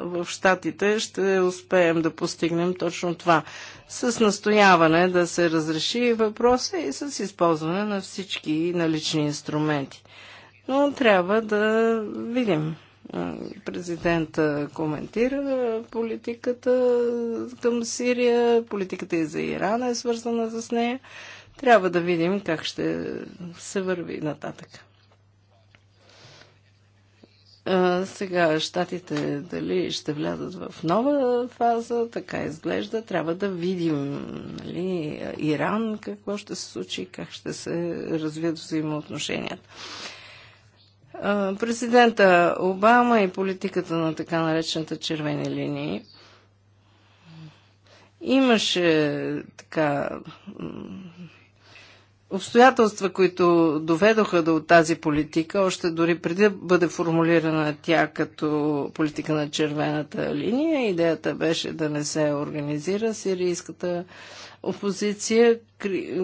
в Штатите ще успеем да постигнем точно това с настояване да се разреши въпроса и с използване на всички налични инструменти. Но трябва да видим. Президента коментира политиката към Сирия, политиката и за Ирана е свързана с нея. Трябва да видим как ще се върви нататък. А, сега щатите дали ще влязат в нова фаза, така изглежда. Трябва да видим нали, Иран какво ще се случи, как ще се развият взаимоотношенията. президента Обама и политиката на така наречената червени линии имаше така обстоятелства, които доведоха до тази политика, още дори преди да бъде формулирана тя като политика на червената линия, идеята беше да не се организира сирийската опозиция.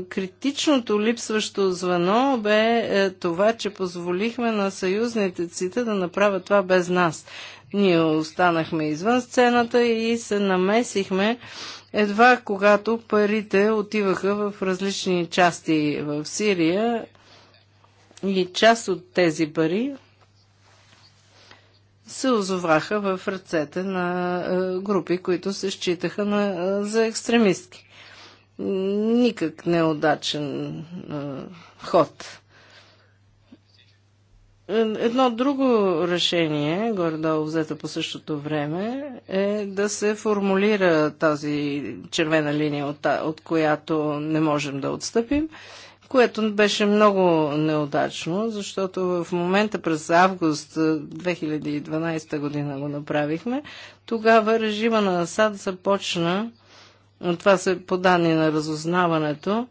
Критичното липсващо звено бе е, това, че позволихме на съюзниците да направят това без нас. Ние останахме извън сцената и се намесихме едва когато парите отиваха в различни части в Сирия и част от тези пари се озоваха в ръцете на е, групи, които се считаха на, е, за екстремистки. Никак неудачен е, ход. Едно друго решение, горе-долу взето по същото време, е да се формулира тази червена линия, от, от която не можем да отстъпим, което беше много неудачно, защото в момента през август 2012 година го направихме. Тогава режима на САД започна, това са по данни на разузнаването,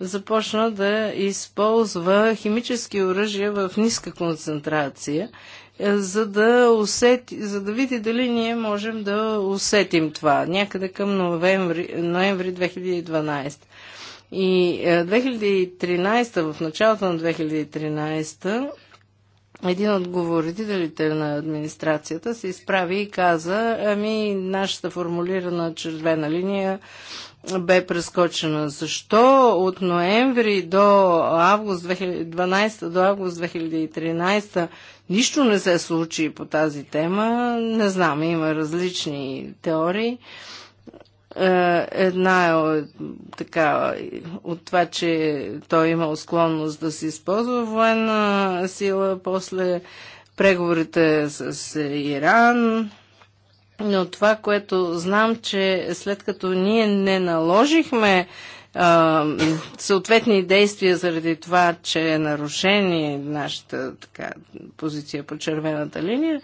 започна да използва химически оръжия в ниска концентрация, е, за да, усети, за да види дали ние можем да усетим това някъде към ноември, ноември 2012. И 2013, е, в началото на 2013, един от говорителите на администрацията се изправи и каза, ами нашата формулирана червена линия бе прескочена. Защо от ноември до август 2012 до август 2013 нищо не се случи по тази тема? Не знам, има различни теории. Е, една е така, от това, че той има склонност да се използва военна сила, после преговорите с Иран, но това, което знам, че след като ние не наложихме а, съответни действия заради това, че е нарушение нашата така, позиция по червената линия,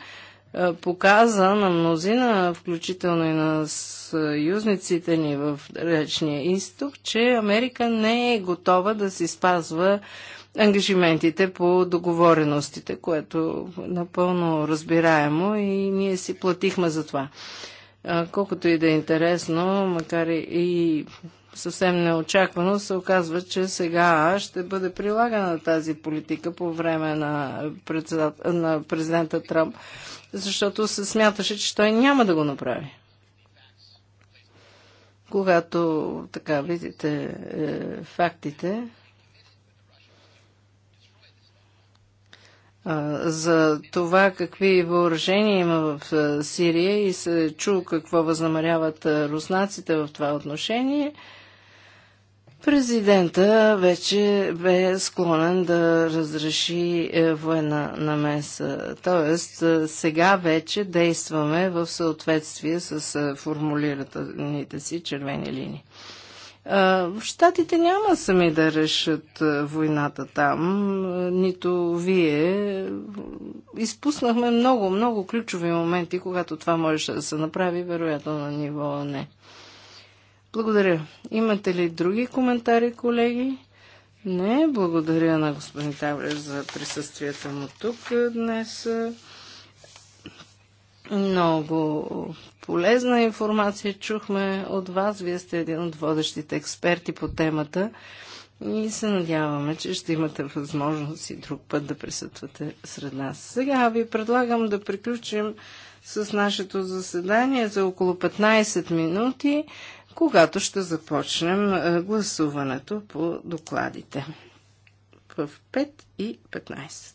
а, показа на мнозина, включително и на съюзниците ни в Речния изток, че Америка не е готова да си спазва а, ангажиментите по договореностите, което напълно разбираемо и ние си платихме за това. Колкото и да е интересно, макар и съвсем неочаквано, се оказва, че сега ще бъде прилагана тази политика по време на, председат... на президента Трамп, защото се смяташе, че той няма да го направи. Когато така видите е, фактите, за това какви въоръжения има в Сирия и се чу какво възнамеряват руснаците в това отношение, президента вече бе склонен да разреши е, военна намеса. Тоест, сега вече действаме в съответствие с формулираните си червени линии. В Штатите няма сами да решат войната там, нито вие. Изпуснахме много, много ключови моменти, когато това можеше да се направи, вероятно на ниво не. Благодаря. Имате ли други коментари, колеги? Не, благодаря на господин Тавлев за присъствието му тук днес. Много полезна информация чухме от вас. Вие сте един от водещите експерти по темата и се надяваме, че ще имате възможност и друг път да присъствате сред нас. Сега ви предлагам да приключим с нашето заседание за около 15 минути, когато ще започнем е, гласуването по докладите в 5 и 15.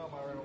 Ама,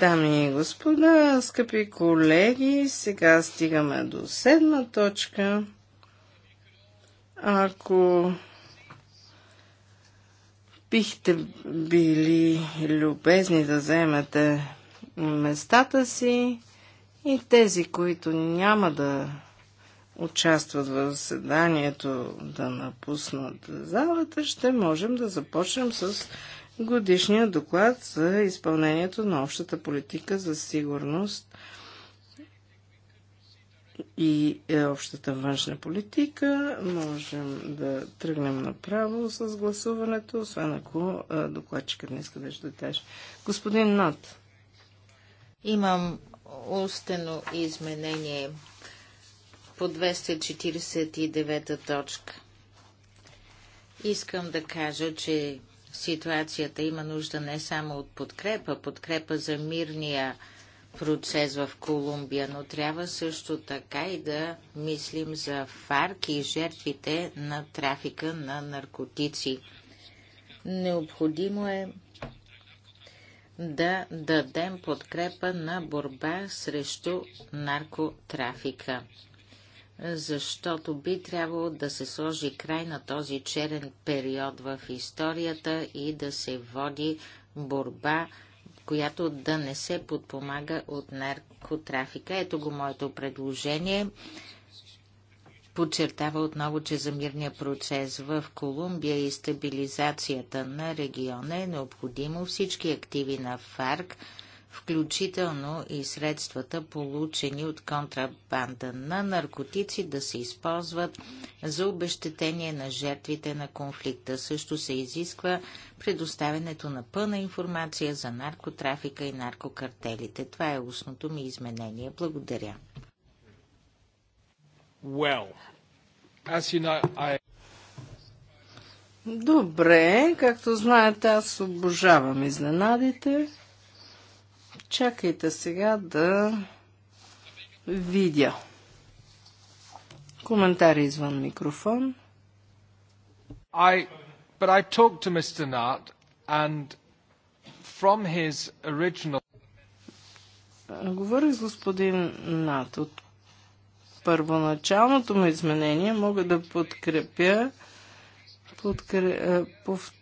Дами и господа, скъпи колеги, сега стигаме до седма точка. Ако бихте били любезни да вземете местата си и тези, които няма да участват в заседанието да напуснат залата, ще можем да започнем с годишния доклад за изпълнението на общата политика за сигурност и е, общата външна политика. Можем да тръгнем направо с гласуването, освен ако е, докладчикът не иска да е ще каже. Господин Нат. Имам устено изменение по 249 точка. Искам да кажа, че ситуацията има нужда не само от подкрепа, подкрепа за мирния процес в Колумбия, но трябва също така и да мислим за фарки и жертвите на трафика на наркотици. Необходимо е да дадем подкрепа на борба срещу наркотрафика защото би трябвало да се сложи край на този черен период в историята и да се води борба, която да не се подпомага от наркотрафика. Ето го моето предложение. Подчертава отново, че за мирния процес в Колумбия и стабилизацията на региона е необходимо всички активи на ФАРК – включително и средствата получени от контрабанда на наркотици да се използват за обещетение на жертвите на конфликта. Също се изисква предоставянето на пълна информация за наркотрафика и наркокартелите. Това е устното ми изменение. Благодаря. Well, as you know, I... Добре, както знаете, аз обожавам изненадите. Чакайте сега да видя. Коментари извън микрофон. I, but I talked to Mr. and from his original... Е, говорих с господин Нат. От първоначалното му изменение мога да подкрепя подкреп, е, пов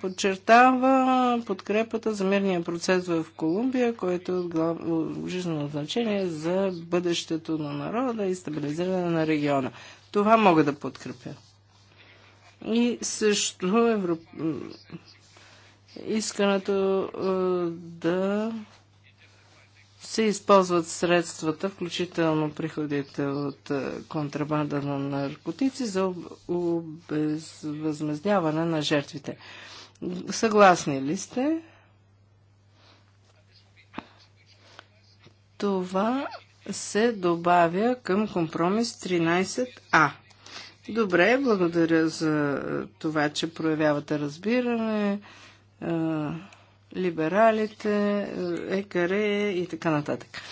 подчертава подкрепата за мирния процес в Колумбия, който е жизнено значение за бъдещето на народа и стабилизиране на региона. Това мога да подкрепя. И също Европ... искането да се използват средствата, включително приходите от е, контрабанда на наркотици, за обезвъзмездяване на жертвите. Съгласни ли сте? Това се добавя към компромис 13А. Добре, благодаря за това, че проявявате разбиране. Е, либералите, ЕКАРЕ и така нататък.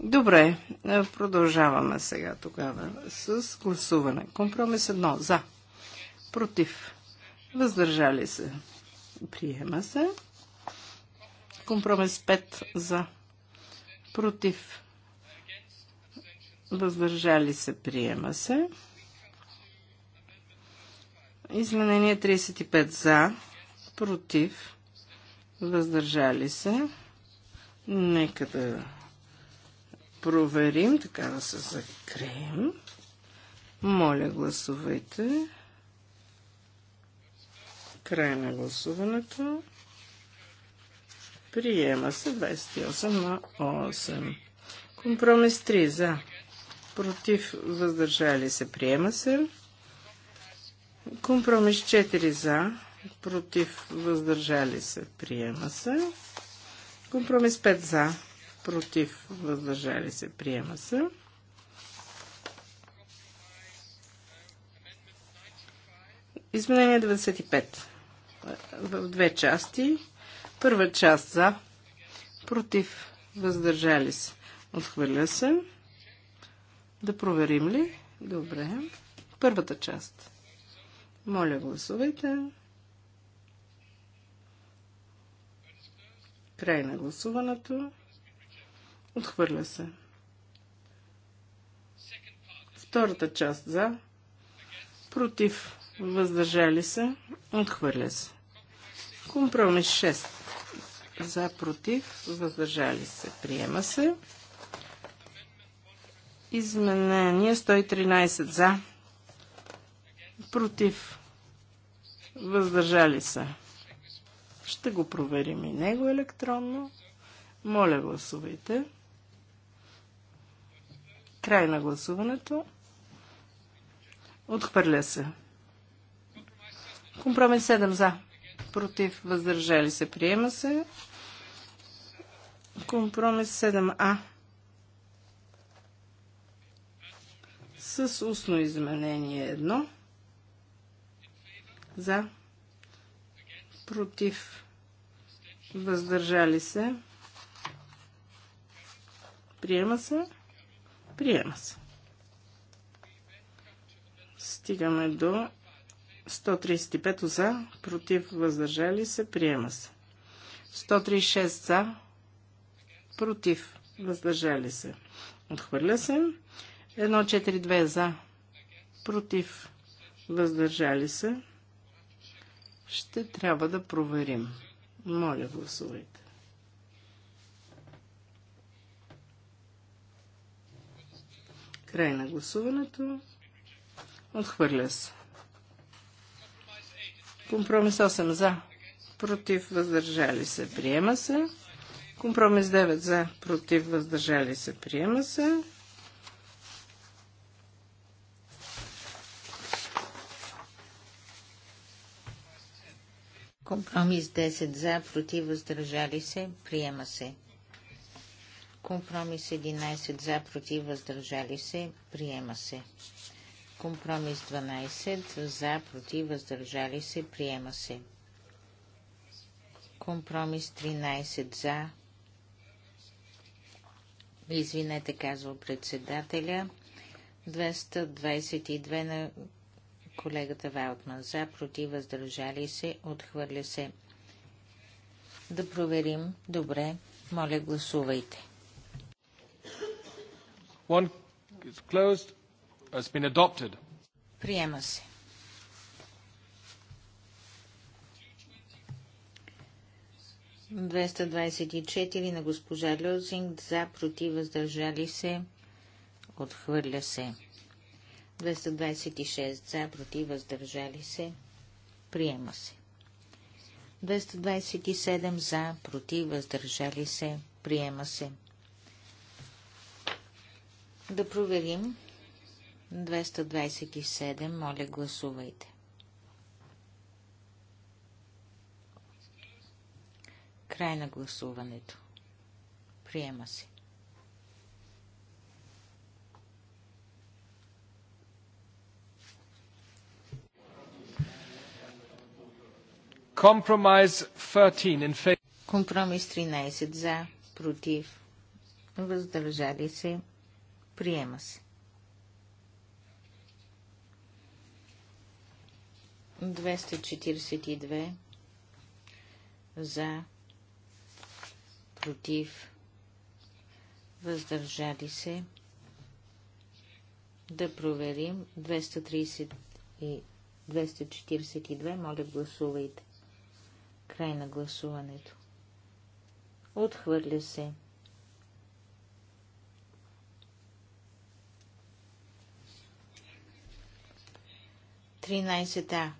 Добре, е, продължаваме сега тогава с гласуване. Компромис едно. За. Против. Въздържали се. Приема се. Компромис 5 за. Против. Въздържали се. Приема се. Изменение 35 за. Против въздържали се. Нека да проверим, така да се закрием. Моля, гласувайте. Край на гласуването. Приема се 28 на 8. Компромис 3 за. Против въздържали се. Приема се. Компромис 4 за против, въздържали се, приема се. Компромис 5 за, против, въздържали се, приема се. Изменение 95. В две части. Първа част за, против, въздържали се, отхвърля се. Да проверим ли? Добре. Първата част. Моля, гласувайте. Край на гласуването. Отхвърля се. Втората част за. Против. Въздържали се. Отхвърля се. Компромис 6. За, против, въздържали се. Приема се. Изменение 113 за. Против. Въздържали се. Ще го проверим и него електронно. Моля, гласувайте. Край на гласуването. Отхвърля се. Компромис 7 за. Против, въздържали се, приема се. Компромис 7а. С устно изменение 1. За против, въздържали се, приема се, приема се. Стигаме до 135 за, против, въздържали се, приема се. 136 за, против, въздържали се. Отхвърля се. 142 за, против, въздържали се ще трябва да проверим. Моля, гласувайте. Край на гласуването. Отхвърля се. Компромис 8 за. Против въздържали се. Приема се. Компромис 9 за. Против въздържали се. Приема се. Компромис 10 за, против, въздържали се, приема се. Компромис 11 за, против, въздържали се, приема се. Компромис 12 за, против, въздържали се, приема се. Компромис 13 за. Извинете, казва председателя. 222 на колегата Валтман. За, против, въздържали се, отхвърля се. Да проверим. Добре. Моля, гласувайте. One is closed. Has been adopted. Приема се. 224 на госпожа Люзинг за против въздържали се. Отхвърля се. 226 за, против, въздържали се, приема се. 227 за, против, въздържали се, приема се. Да проверим. 227, моля гласувайте. Край на гласуването. Приема се. Компромис 13 за, против, въздържали се, приема се. 242 за, против, въздържали се. Да проверим. 230 и 242, моля гласувайте. Край на гласуването. Отхвърля се. Тринайсета.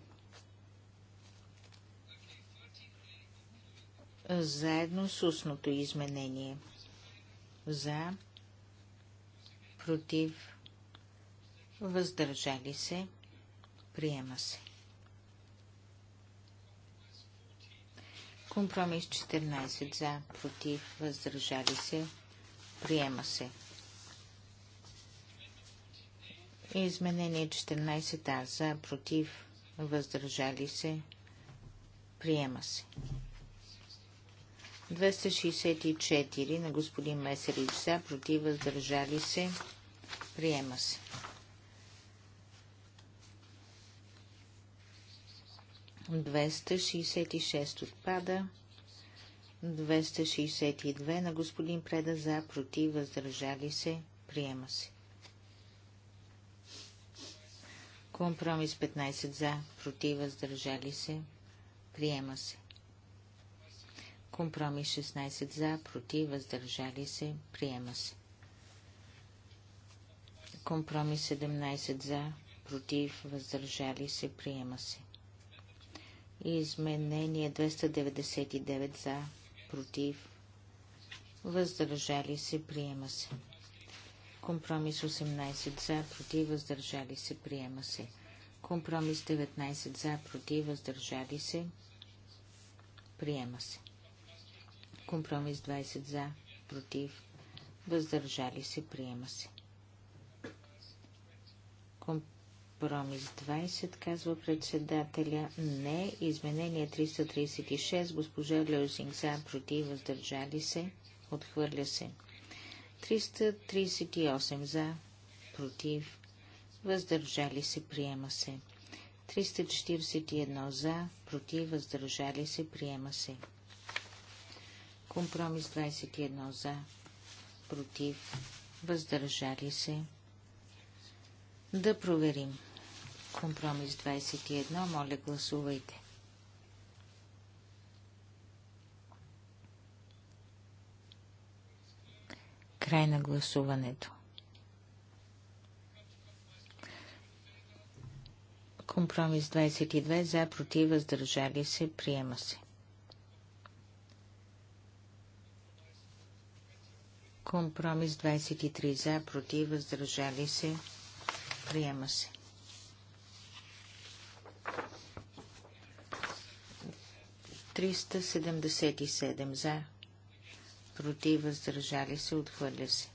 Заедно с устното изменение. За. Против. Въздържали се. Приема се. Компромис 14 за, против, въздържали се, приема се. Изменение 14а за, против, въздържали се, приема се. 264 на господин Месерич за, против, въздържали се, приема се. 266 отпада. 262 на господин Преда за, против, въздържали се, приема се. Компромис 15 за, против, въздържали се, приема се. Компромис 16 за, против, въздържали се, приема се. Компромис 17 за, против, въздържали се, приема се. Изменение 299 за, против, въздържали се, приема се. Компромис 18 за, против, въздържали се, приема се. Компромис 19 за, против, въздържали се, приема се. Компромис 20 за, против, въздържали се, приема се. Компромис Компромис 20, казва председателя. Не. Изменение 336. Госпожа Леозинг за, против, въздържали се. Отхвърля се. 338 за, против, въздържали се, приема се. 341 за, против, въздържали се, приема се. Компромис 21 за, против, въздържали се. Да проверим. Компромис 21. Моля, гласувайте. Край на гласуването. Компромис 22. За, против, въздържали се. Приема се. Компромис 23. За, против, въздържали се. Приема се. 377 за, против, въздържали се, отхвърля се.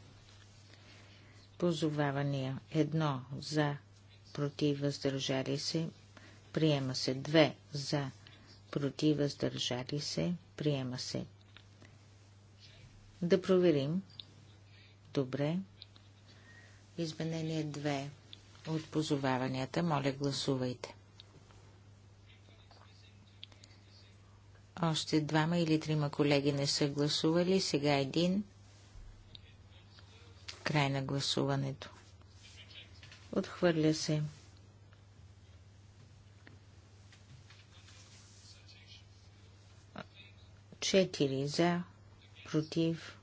Позовавания 1 за, против, въздържали се, приема се. 2 за, против, въздържали се, приема се. Да проверим. Добре. Изменение 2 от позоваванията. Моля, гласувайте. Още двама или трима колеги не са гласували, сега е един. Край на гласуването. Отхвърля се. Четири за, против,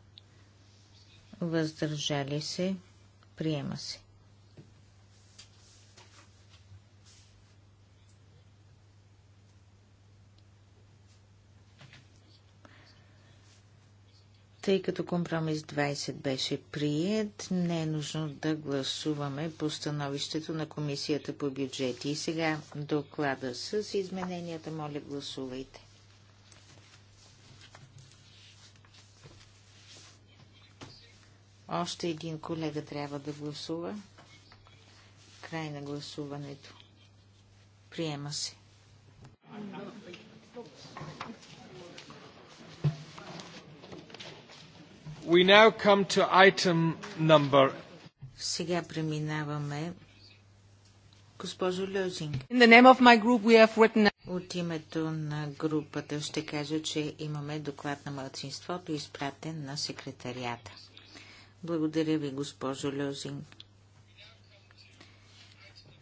въздържали се, приема се. Тъй като компромис 20 беше прият, не е нужно да гласуваме по становището на Комисията по бюджети. И сега доклада с измененията. Моля, гласувайте. Още един колега трябва да гласува. Край на гласуването. Приема се. We now come to item number. Сега преминаваме. Госпожо Лозинг. In the name of my group we have written... От името на групата ще кажа, че имаме доклад на мълцинството, е изпратен на секретарията. Благодаря ви, госпожо Лозинг.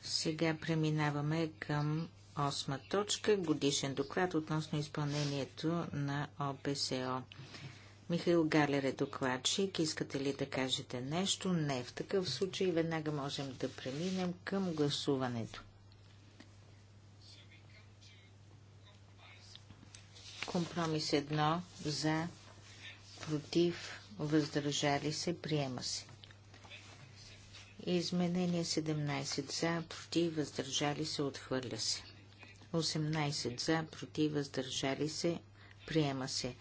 Сега преминаваме към осма точка – годишен доклад относно изпълнението на ОПСО. Михаил Галер е докладчик. Искате ли да кажете нещо? Не. В такъв случай веднага можем да преминем към гласуването. Компромис едно за, против, въздържали се, приема се. Изменение 17 за, против, въздържали се, отхвърля се. 18 за, против, въздържали се, приема се.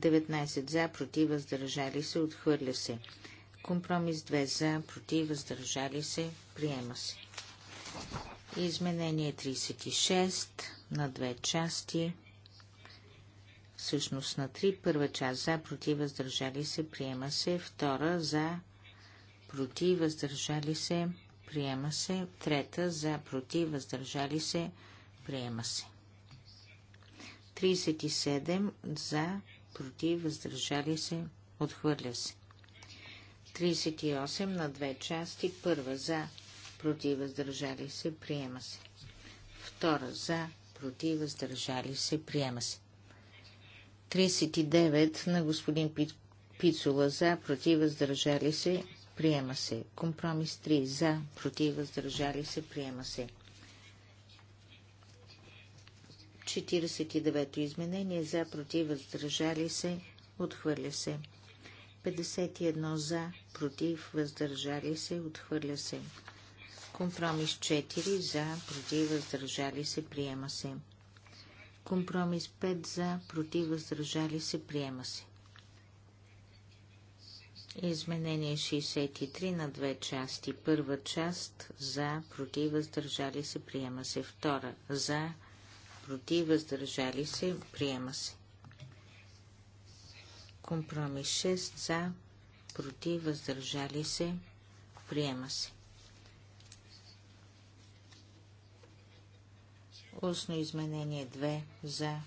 19 за, против, въздържали се, отхвърля се. Компромис 2 за, против, въздържали се, приема се. Изменение 36 на две части. Всъщност на 3, Първа част за, против, въздържали се, приема се. Втора за, против, въздържали се, приема се. Трета за, против, въздържали се, приема се. 37 за, против, въздържали се, отхвърля се. 38 на две части. Първа за, против, въздържали се, приема се. Втора за, против, въздържали се, приема се. 39 на господин Пицула за, против, въздържали се, приема се. Компромис 3 за, против, въздържали се, приема се. 49-то изменение за, против, въздържали се, отхвърля се. 51 за, против, въздържали се, отхвърля се. Компромис 4 за, против, въздържали се, приема се. Компромис 5 за, против, въздържали се, приема се. Изменение 63 на две части. Първа част за, против, въздържали се, приема се. Втора за, против, въздържали се, приема се. Компромис 6 за, против, въздържали се, приема се. Устно изменение 2 за,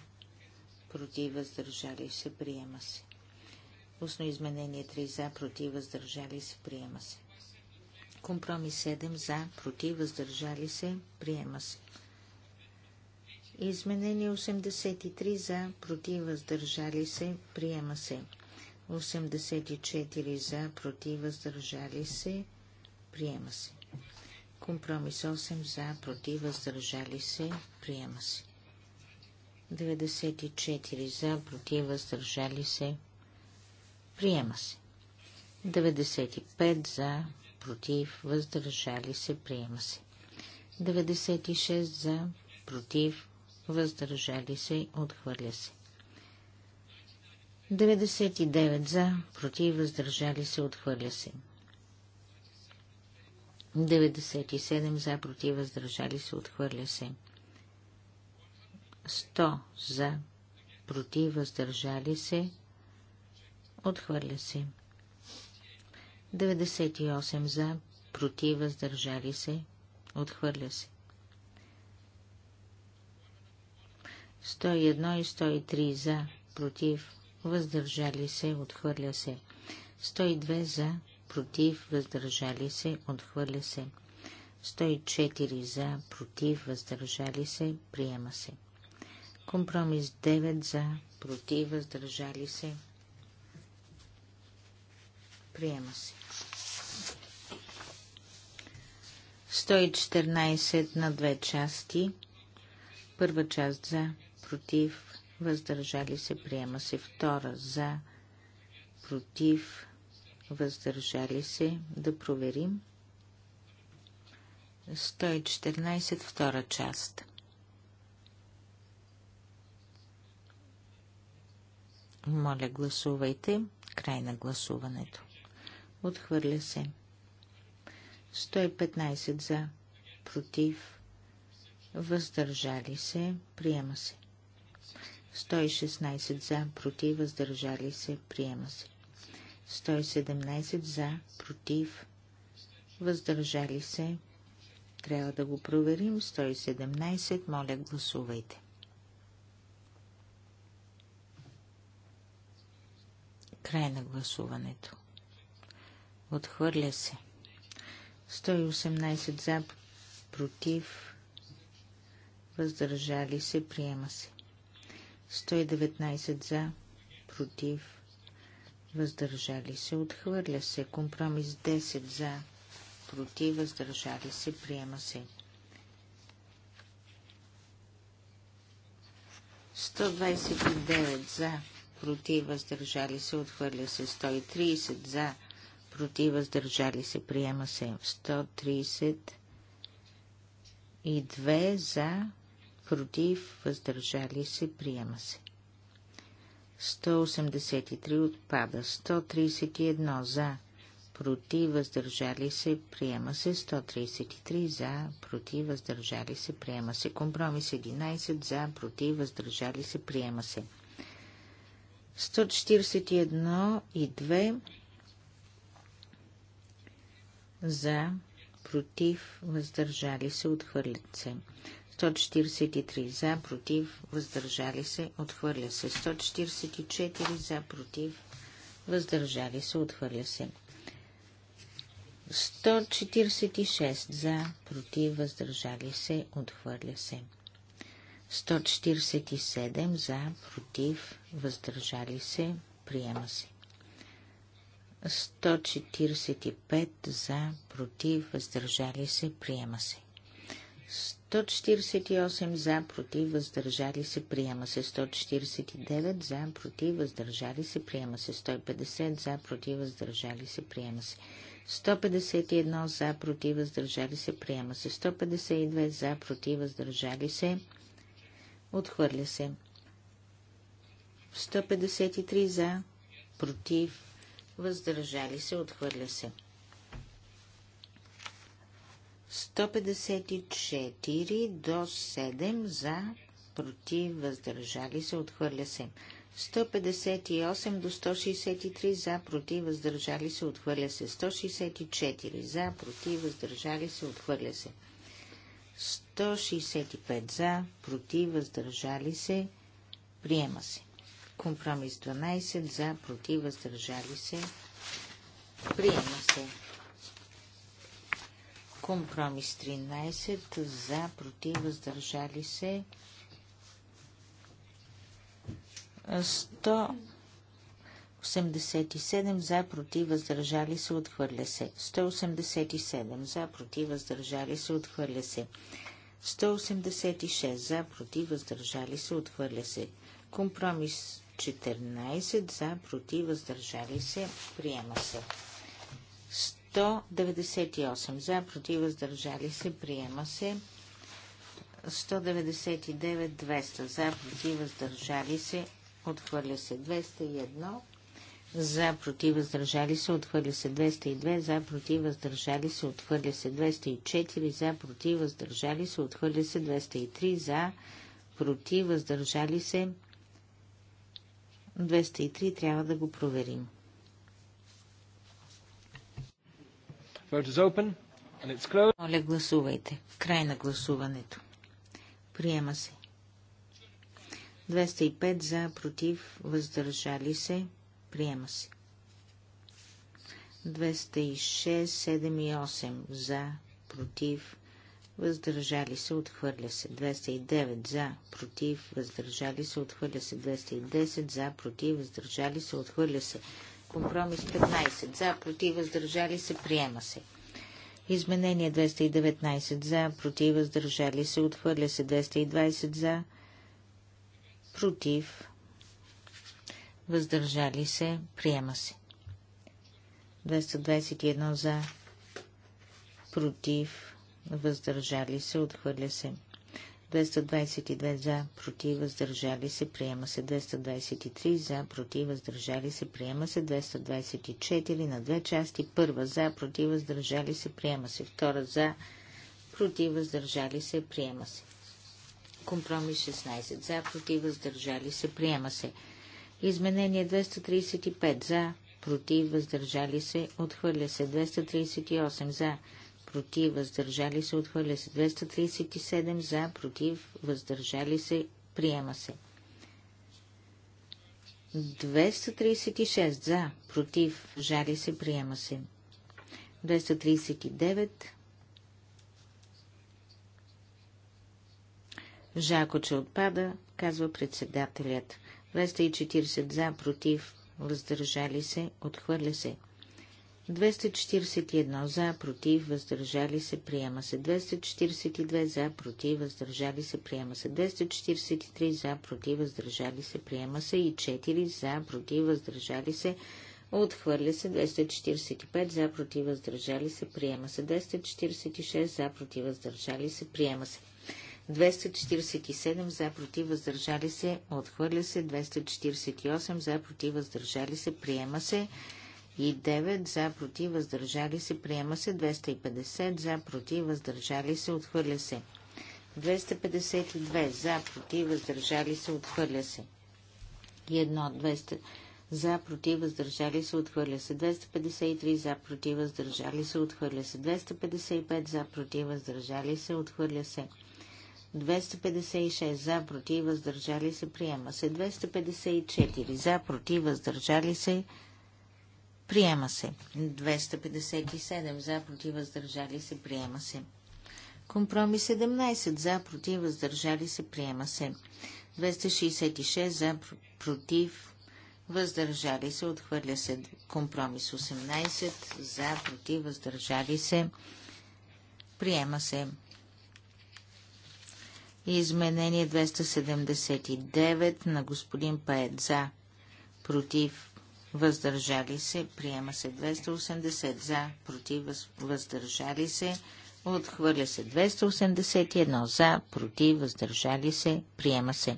против, въздържали се, приема се. Осно изменение 3 за, против, въздържали се, приема се. Компромис 7 за, против, въздържали се, приема се. Изменение 83 за, против, въздържали се, приема се. 84 за, против, въздържали се, приема се. Компромис 8 за, против, въздържали се, приема се. 94 за, против, въздържали се, приема се. 95 за, против, въздържали се, приема се. 96 за, против, въздържали се, отхвърля се. 99 за, против, въздържали се, отхвърля се. 97 за, против, въздържали се, отхвърля се. 100 за, против, въздържали се, отхвърля се. 98 за, против, въздържали се, отхвърля се. 101 и 103 за, против, въздържали се, отхвърля се. 102 за, против, въздържали се, отхвърля се. 104 за, против, въздържали се, приема се. Компромис 9 за, против, въздържали се, приема се. 114 на две части. Първа част за, против, въздържали се, приема се. Втора за, против, въздържали се, да проверим. 114 втора част. Моля, гласувайте. Край на гласуването. Отхвърля се. 115 за. Против. Въздържали се. Приема се. 116 за, против, въздържали се, приема се. 117 за, против, въздържали се. Трябва да го проверим. 117, моля, гласувайте. Край на гласуването. Отхвърля се. 118 за, против, въздържали се, приема се. 119 за, против, въздържали се, отхвърля се. Компромис 10 за, против, въздържали се, приема се. 129 за, против, въздържали се, отхвърля се. 130 за, против, въздържали се, приема се. 2 за, против, въздържали се, приема се. 183 отпада, 131 за, против, въздържали се, приема се, 133 за, против, въздържали се, приема се, компромис 11 за, против, въздържали се, приема се. 141 и 2 за, против, въздържали се, отхвърлят се. 143 за, против, въздържали се, отхвърля се. 144 за, против, въздържали се, отхвърля се. 146 за, против, въздържали се, отхвърля се. 147 за, против, въздържали се, приема се. 145 за, против, въздържали се, приема се. 148 за, против, въздържали се, приема се 149 за, против, въздържали се, приема се 150 за, против, въздържали се, приема се 151 за, против, въздържали се, приема се 152 за, против, въздържали се, отхвърля се 153 за, против, въздържали се, отхвърля се 154 154 до 7 за, против, въздържали се, отхвърля се. 158 до 163 за, против, въздържали се, отхвърля се. 164 за, против, въздържали се, отхвърля се. 165 за, против, въздържали се, приема се. Компромис 12 за, против, въздържали се, приема се. Компромис 13 за, против, въздържали се. 187 за, против, въздържали се, отхвърля се. 187 за, против, въздържали се, отхвърля се. 186 за, против, въздържали се, отхвърля се. Компромис 14 за, против, въздържали се, приема се. 198 за, против, въздържали се, приема се. 199 200 за, против, въздържали се, отхвърля се 201 за, против, въздържали се, отхвърля се 202, за, против, въздържали се, отхвърля се 204, за, против, въздържали се, отхвърля се 203, за, против, въздържали се 203, трябва да го проверим. Моля, гласувайте. Край на гласуването. Приема се. 205 за, против, въздържали се. Приема се. 206, 7 и 8 за, против, въздържали се, отхвърля се. 209 за, против, въздържали се, отхвърля се. 210 за, против, въздържали се, отхвърля се. Компромис 15. За, против, въздържали се, приема се. Изменение 219 за, против, въздържали се, отхвърля се 220 за, против, въздържали се, приема се. 221 за, против, въздържали се, отхвърля се. 222 за, против, въздържали се, приема се 223 за, против, въздържали се, приема се 224 на две части. Първа за, против, въздържали се, приема се. Втора за, против, въздържали се, приема се. Компромис 16 за, против, въздържали се, приема се. Изменение 235 за, против, въздържали се, отхвърля се 238 за, против, въздържали се, отхвърля се. 237 за, против, въздържали се, приема се. 236 за, против, жали се, приема се. 239 Жако, че отпада, казва председателят. 240 за, против, въздържали се, отхвърля се. 241 за, против, въздържали се, приема се. 242 за, против, въздържали се, приема се. 243 за, против, въздържали се, приема се. И 4 за, против, въздържали се, отхвърля се. 245 за, против, въздържали се, приема се. 246 за, против, въздържали се, приема се. 247 за против въздържали се, отхвърля се, 248 за против въздържали се, приема се, и 9 за против въздържали се приема се 250 за против въздържали се отхвърля се 252 за против въздържали се отхвърля се 1 200 за против въздържали се отхвърля се 253 за против въздържали се отхвърля се 255 за против въздържали се отхвърля се 256 за против въздържали се приема се 254 за против въздържали се Приема се. 257 за, против, въздържали се. Приема се. Компромис 17 за, против, въздържали се. Приема се. 266 за, против, въздържали се. Отхвърля се. Компромис 18 за, против, въздържали се. Приема се. Изменение 279 на господин Паед за, против, въздържали се, приема се 280 за, против, въздържали се, отхвърля се 281 за, против, въздържали се, приема се.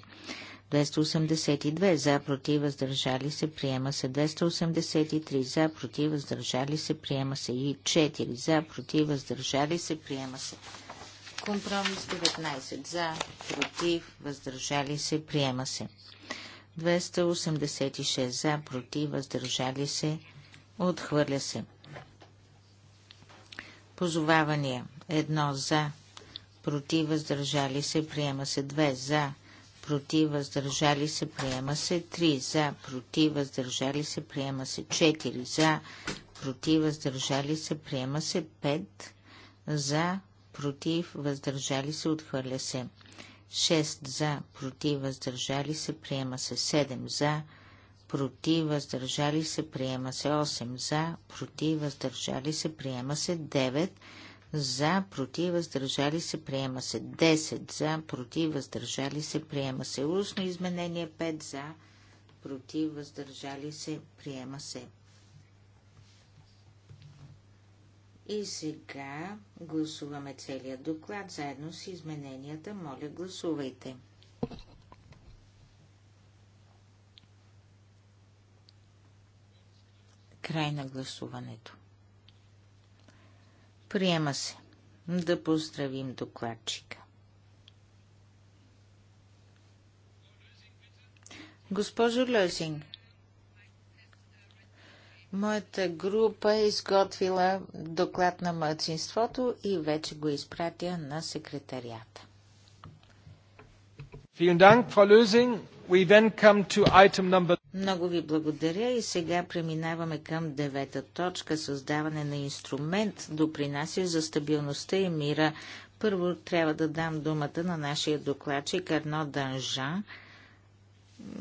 282 за, против, въздържали се, приема се 283 за, против, въздържали се, приема се и 4 за, против, въздържали се, приема се. Компромис 19 за, против, въздържали се, приема се. 286 за, против, въздържали се, отхвърля се. Позовавания Едно за, против, въздържали се, приема се 2 за, против, въздържали се, приема се 3 за, против, въздържали се, приема се 4 за, против, въздържали се, приема се 5 за, против, въздържали се, отхвърля се. 6 за, против, въздържали се, приема се 7 за, против, въздържали се, приема се 8 за, против, въздържали се, приема се 9 за, против, въздържали се, приема се 10 за, против, въздържали се, приема се устно изменение 5 за, против, въздържали се, приема се И сега гласуваме целият доклад заедно с измененията. Моля, гласувайте. Край на гласуването. Приема се. Да поздравим докладчика. Госпожо Лозинг, Моята група е изготвила доклад на младсинството и вече го изпратя на секретарията. Много ви благодаря и сега преминаваме към девета точка – създаване на инструмент, допринася за стабилността и мира. Първо трябва да дам думата на нашия докладчик Арно Данжан –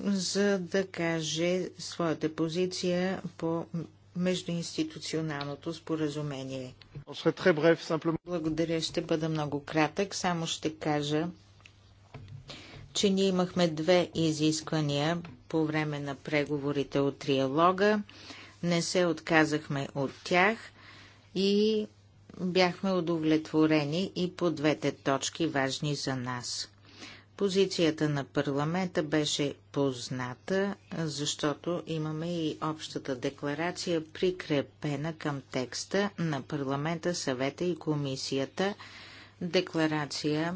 за да каже своята позиция по междуинституционалното споразумение. Благодаря, ще бъда много кратък. Само ще кажа, че ние имахме две изисквания по време на преговорите от триалога. Не се отказахме от тях и бяхме удовлетворени и по двете точки важни за нас. Позицията на парламента беше позната, защото имаме и общата декларация, прикрепена към текста на парламента, съвета и комисията. Декларация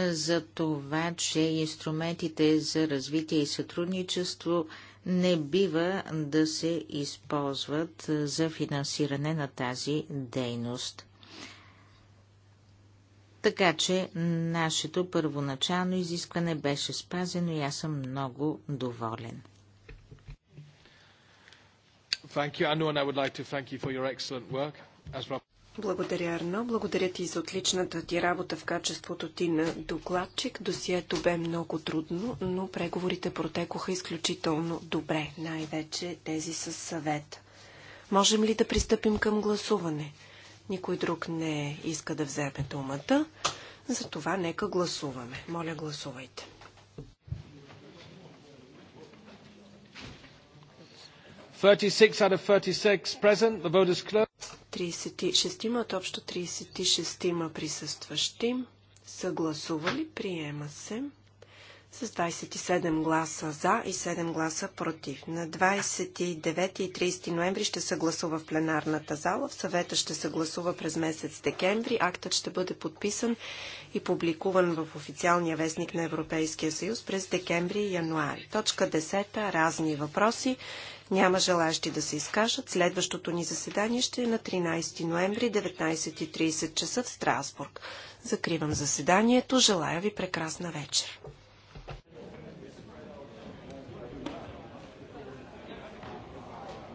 за това, че инструментите за развитие и сътрудничество не бива да се използват за финансиране на тази дейност. Така че нашето първоначално изискване беше спазено и аз съм много доволен. Благодаря, Арно. Благодаря ти за отличната ти работа в качеството ти на докладчик. Досието бе много трудно, но преговорите протекоха изключително добре, най-вече тези със съвет. Можем ли да пристъпим към гласуване? Никой друг не иска да вземе думата. Затова нека гласуваме. Моля, гласувайте. Out 36 от общо 36 присъстващи са гласували. Приема се с 27 гласа за и 7 гласа против. На 29 и 30 ноември ще се гласува в пленарната зала. В съвета ще се гласува през месец декември. Актът ще бъде подписан и публикуван в официалния вестник на Европейския съюз през декември и януари. Точка 10. Разни въпроси. Няма желаящи да се изкажат. Следващото ни заседание ще е на 13 ноември 19.30 часа в Страсбург. Закривам заседанието. Желая ви прекрасна вечер.